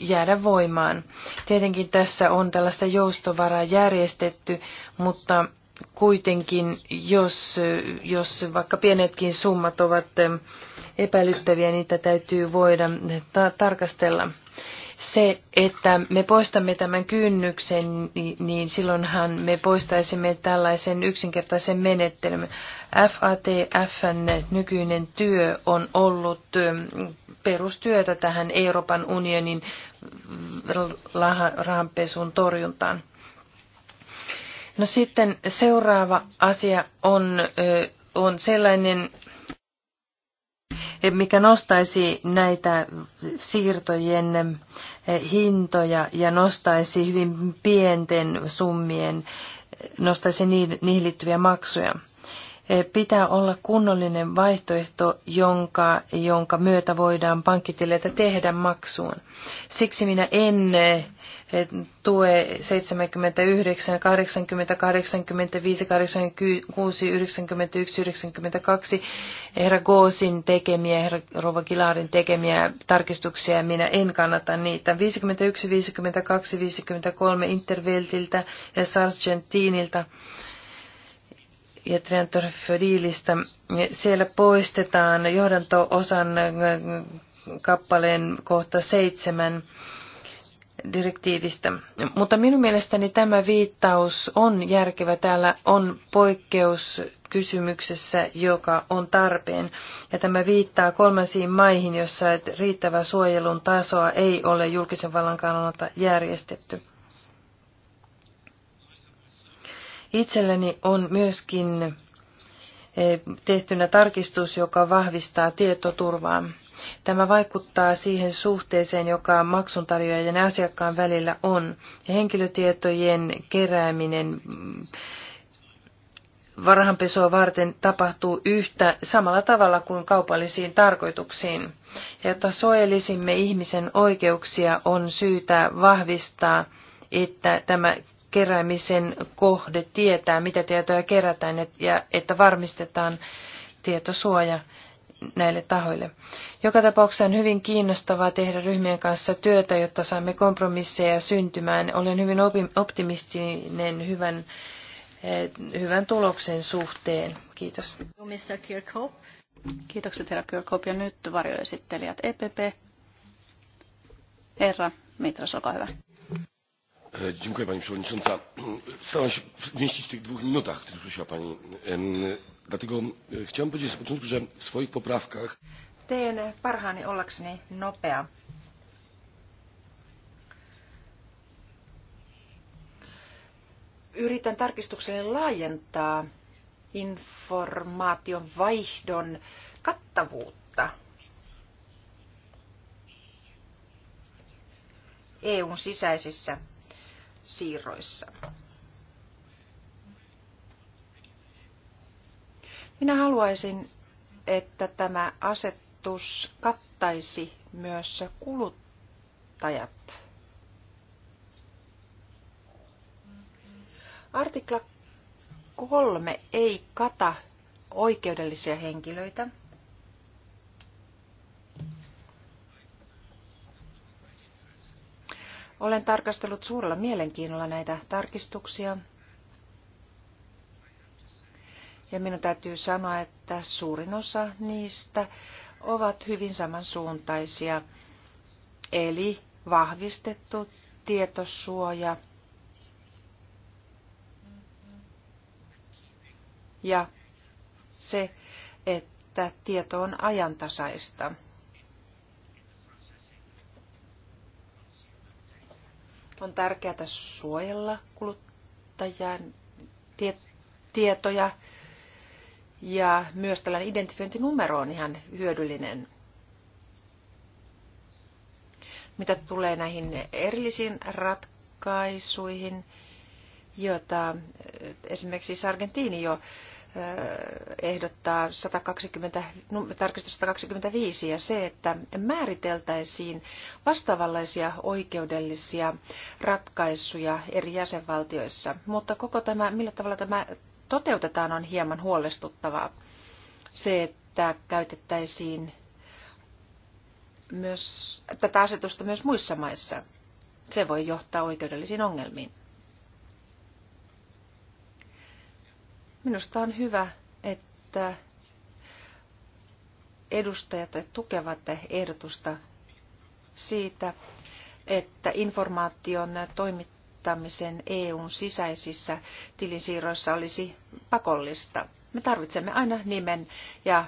jäädä voimaan. Tietenkin tässä on tällaista joustovaraa järjestetty, mutta kuitenkin, jos, jos vaikka pienetkin summat ovat eh, epäilyttäviä, niin niitä täytyy voida eh, ta- tarkastella. Se, että me poistamme tämän kynnyksen, niin silloinhan me poistaisimme tällaisen yksinkertaisen menettelyn. FATFn nykyinen työ on ollut eh, perustyötä tähän Euroopan unionin rahanpesun torjuntaan. No sitten seuraava asia on, on sellainen, mikä nostaisi näitä siirtojen hintoja ja nostaisi hyvin pienten summien, nostaisi niihin liittyviä maksuja pitää olla kunnollinen vaihtoehto, jonka, jonka myötä voidaan pankkitileitä tehdä maksuun. Siksi minä en tue 79, 80, 85, 86, 91, 92 herra Goosin tekemiä, herra Rova Kilarin tekemiä tarkistuksia. Minä en kannata niitä. 51, 52, 53 Interveltiltä ja Sargentinilta ja Triantorfodilista. Siellä poistetaan johdanto-osan äh, äh, kappaleen kohta seitsemän direktiivistä. Mutta minun mielestäni tämä viittaus on järkevä. Täällä on poikkeus kysymyksessä, joka on tarpeen. Ja tämä viittaa kolmansiin maihin, jossa riittävä suojelun tasoa ei ole julkisen vallan kannalta järjestetty. Itselleni on myöskin eh, tehtynä tarkistus, joka vahvistaa tietoturvaa. Tämä vaikuttaa siihen suhteeseen, joka maksuntarjoajan ja asiakkaan välillä on. Ja henkilötietojen kerääminen mm, varahanpesua varten tapahtuu yhtä samalla tavalla kuin kaupallisiin tarkoituksiin. Ja jotta suojelisimme ihmisen oikeuksia, on syytä vahvistaa, että tämä keräämisen kohde tietää, mitä tietoja kerätään, ja että varmistetaan tietosuoja näille tahoille. Joka tapauksessa on hyvin kiinnostavaa tehdä ryhmien kanssa työtä, jotta saamme kompromisseja syntymään. Olen hyvin optimistinen hyvän, eh, hyvän tuloksen suhteen. Kiitos. Kiitokset herra Kirkhope ja nyt varjoesittelijät EPP. Herra Mitras, olkaa hyvä. E, dziękuję Pani Przewodnicząca. Staram się mieścić w tych dwóch minutach, które prosiła Pani Dlatego e, chciałem powiedzieć z początku, że w swoich poprawkach... Teen parhaani ollakseni nopea. Yritän tarkistukselle laajentaa informaation vaihdon kattavuutta. EUn sisäisissä siirroissa. Minä haluaisin, että tämä asetus kattaisi myös kuluttajat. Artikla 3 ei kata oikeudellisia henkilöitä. Olen tarkastellut suurella mielenkiinnolla näitä tarkistuksia – ja minun täytyy sanoa, että suurin osa niistä ovat hyvin samansuuntaisia. Eli vahvistettu tietosuoja ja se, että tieto on ajantasaista. On tärkeää suojella kuluttajan tietoja ja myös tällainen identifiointinumero on ihan hyödyllinen. Mitä tulee näihin erillisiin ratkaisuihin, joita eh, esimerkiksi Argentiini jo eh, ehdottaa 120, tarkistus 125 ja se, että määriteltäisiin vastaavanlaisia oikeudellisia ratkaisuja eri jäsenvaltioissa. Mutta koko tämä, millä tavalla tämä toteutetaan, on hieman huolestuttavaa. Se, että käytettäisiin myös, tätä asetusta myös muissa maissa, se voi johtaa oikeudellisiin ongelmiin. Minusta on hyvä, että edustajat tukevat ehdotusta siitä, että informaation toimittaminen noudattamisen EUn sisäisissä tilisiirroissa olisi pakollista. Me tarvitsemme aina nimen ja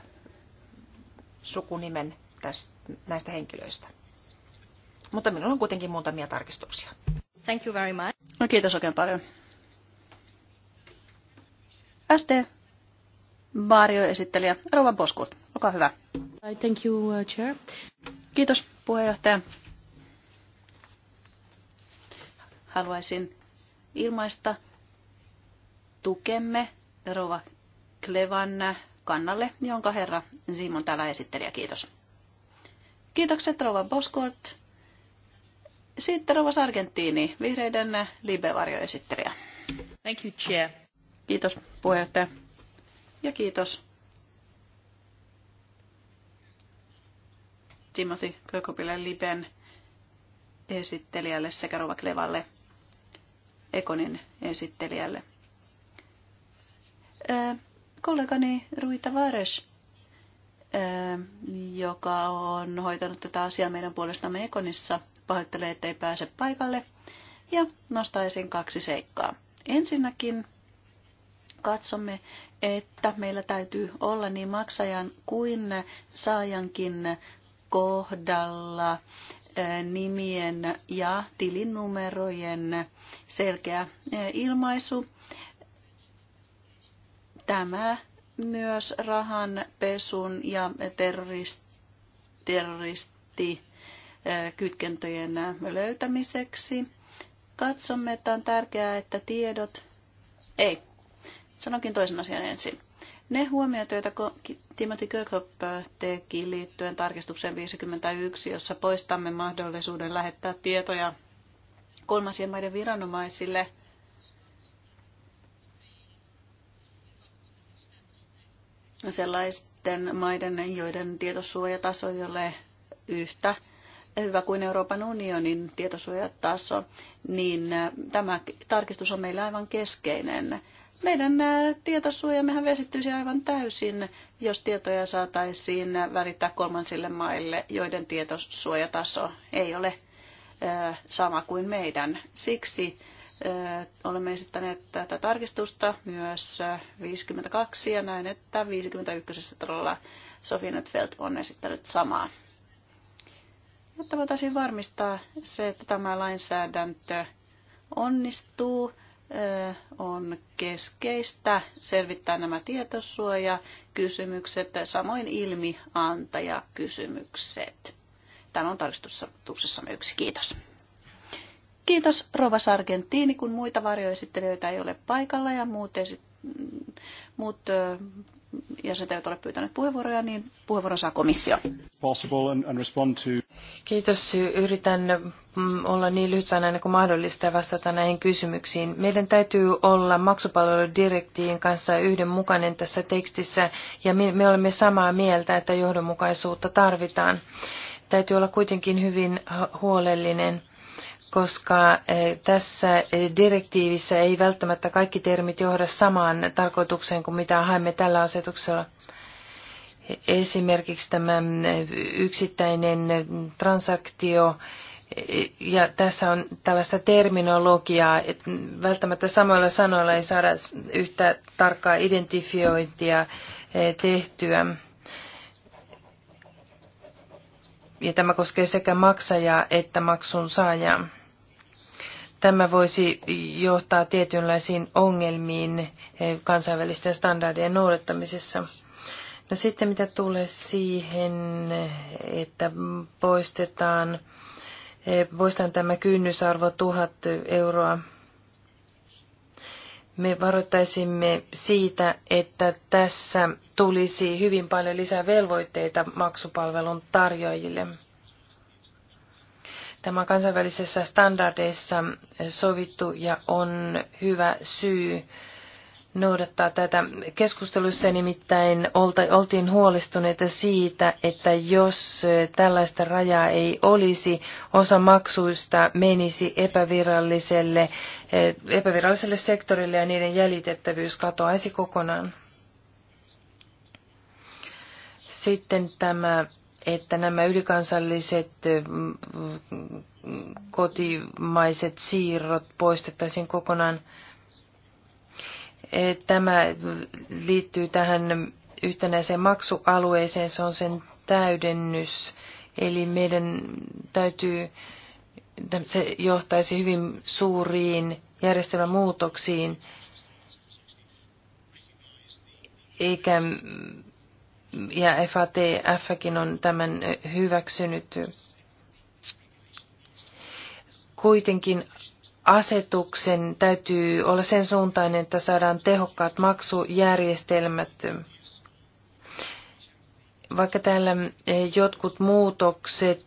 sukunimen tästä, näistä henkilöistä. Mutta minulla on kuitenkin muutamia tarkistuksia. Thank you very much. No, kiitos oikein paljon. SD, esittelijä Rova Boskurt, olkaa hyvä. Thank you, uh, Chair. Kiitos puheenjohtaja. haluaisin ilmaista tukemme Rova Klevan kannalle, jonka herra Simon täällä esitteli. Kiitos. Kiitokset Rova Boskort. Sitten Rova Sargentini, vihreiden live-varjoesittelijä. Thank you, Chair. Kiitos puheenjohtaja. Ja kiitos Timothy Kökopille Liben esittelijälle sekä Rova Klevalle Ekonin esittelijälle. Kollegani Ruita Vares, joka on hoitanut tätä asiaa meidän puolestamme Ekonissa, pahoittelee, ettei pääse paikalle, ja nostaisin kaksi seikkaa. Ensinnäkin katsomme, että meillä täytyy olla niin maksajan kuin saajankin kohdalla nimien ja tilinumerojen selkeä ilmaisu. Tämä myös rahanpesun ja terroristi kytkentöjen löytämiseksi. Katsomme, että on tärkeää, että tiedot... Ei, sanonkin toisen asian ensin ne huomiot, joita Timothy Kirkhoff teki liittyen tarkistukseen 51, jossa poistamme mahdollisuuden lähettää tietoja kolmansien maiden viranomaisille, sellaisten maiden, joiden tietosuojataso ei ole yhtä hyvä kuin Euroopan unionin tietosuojataso, niin äh, tämä tarkistus on meillä aivan keskeinen meidän tietosuojammehän vesittyisi aivan täysin, jos tietoja saataisiin välittää kolmansille maille, joiden tietosuojataso ei ole sama kuin meidän. Siksi olemme esittäneet tätä tarkistusta myös 52 ja näin, että 51. todella Sofi Netfeld on esittänyt samaa. Jotta voitaisiin varmistaa se, että tämä lainsäädäntö onnistuu, on keskeistä selvittää nämä tietosuojakysymykset, samoin ilmiantajakysymykset. Tämä on tarkistuksessamme yksi. Kiitos. Kiitos Rova Sargentini, kun muita varjoesittelijöitä ei ole paikalla ja muut, esi- mm, muut jäsenet eivät ole pyytäneet puheenvuoroja, niin puheenvuoro saa komissio. Kiitos. Yritän mm, olla niin lyhytsanainen kuin mahdollista ja vastata näihin kysymyksiin. Meidän täytyy olla maksupalveludirektiivin kanssa yhdenmukainen tässä tekstissä, ja me olemme samaa mieltä, että johdonmukaisuutta tarvitaan. Täytyy olla kuitenkin hyvin huolellinen koska eh, tässä eh, direktiivissä ei välttämättä kaikki termit johda samaan tarkoitukseen kuin mitä haemme tällä asetuksella. Esimerkiksi tämä mm, yksittäinen mm, transaktio, eh, ja tässä on tällaista terminologiaa, että mm, välttämättä samoilla sanoilla ei saada yhtä tarkkaa identifiointia tehtyä. Ja tämä koskee sekä maksajaa että maksun saajaa. Tämä voisi johtaa tietynlaisiin ongelmiin eh, kansainvälisten standardien noudattamisessa. No sitten mitä tulee siihen, että poistetaan, eh, poistetaan tämä kynnysarvo 1000 euroa me varoittaisimme siitä, että tässä tulisi hyvin paljon lisää velvoitteita maksupalvelun tarjoajille. Tämä on standardeissa sovittu ja on hyvä syy noudattaa tätä. Keskustelussa nimittäin oltiin huolestuneita siitä, että jos tällaista rajaa ei olisi, osa maksuista menisi epäviralliselle, eh, epäviralliselle sektorille ja niiden jäljitettävyys katoaisi kokonaan. Sitten tämä että nämä ylikansalliset kotimaiset siirrot poistettaisiin kokonaan. E, tämä liittyy tähän yhtenäiseen maksualueeseen, se on sen täydennys. Eli meidän täytyy, se johtaisi hyvin suuriin järjestelmämuutoksiin, eikä ja FATFkin on tämän hyväksynyt. Kuitenkin asetuksen täytyy olla sen suuntainen, että saadaan tehokkaat maksujärjestelmät. Vaikka täällä jotkut muutokset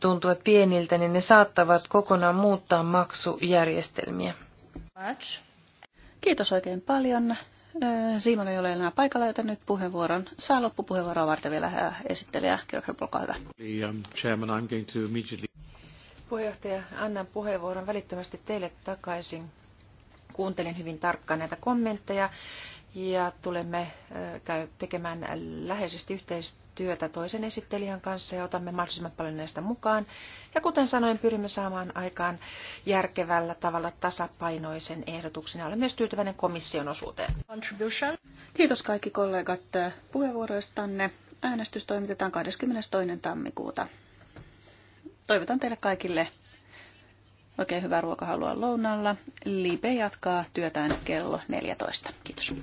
tuntuvat pieniltä, niin ne saattavat kokonaan muuttaa maksujärjestelmiä. Kiitos oikein paljon. Äh, Simon ei ole enää paikalla, joten nyt puheenvuoron saa loppupuheenvuoroa varten vielä äh, esittelijä Kirkhop, olkaa hyvä. Um, Puheenjohtaja, annan puheenvuoron välittömästi teille takaisin. Kuuntelin hyvin tarkkaan näitä kommentteja ja tulemme tekemään läheisesti yhteistyötä toisen esittelijän kanssa ja otamme mahdollisimman paljon näistä mukaan. Ja kuten sanoin, pyrimme saamaan aikaan järkevällä tavalla tasapainoisen ehdotuksen ja olen myös tyytyväinen komission osuuteen. Kiitos kaikki kollegat puheenvuoroistanne. Äänestys toimitetaan 22. tammikuuta. Toivotan teille kaikille Oikein hyvää ruokahalua lounalla. Libe jatkaa työtään kello 14. Kiitos.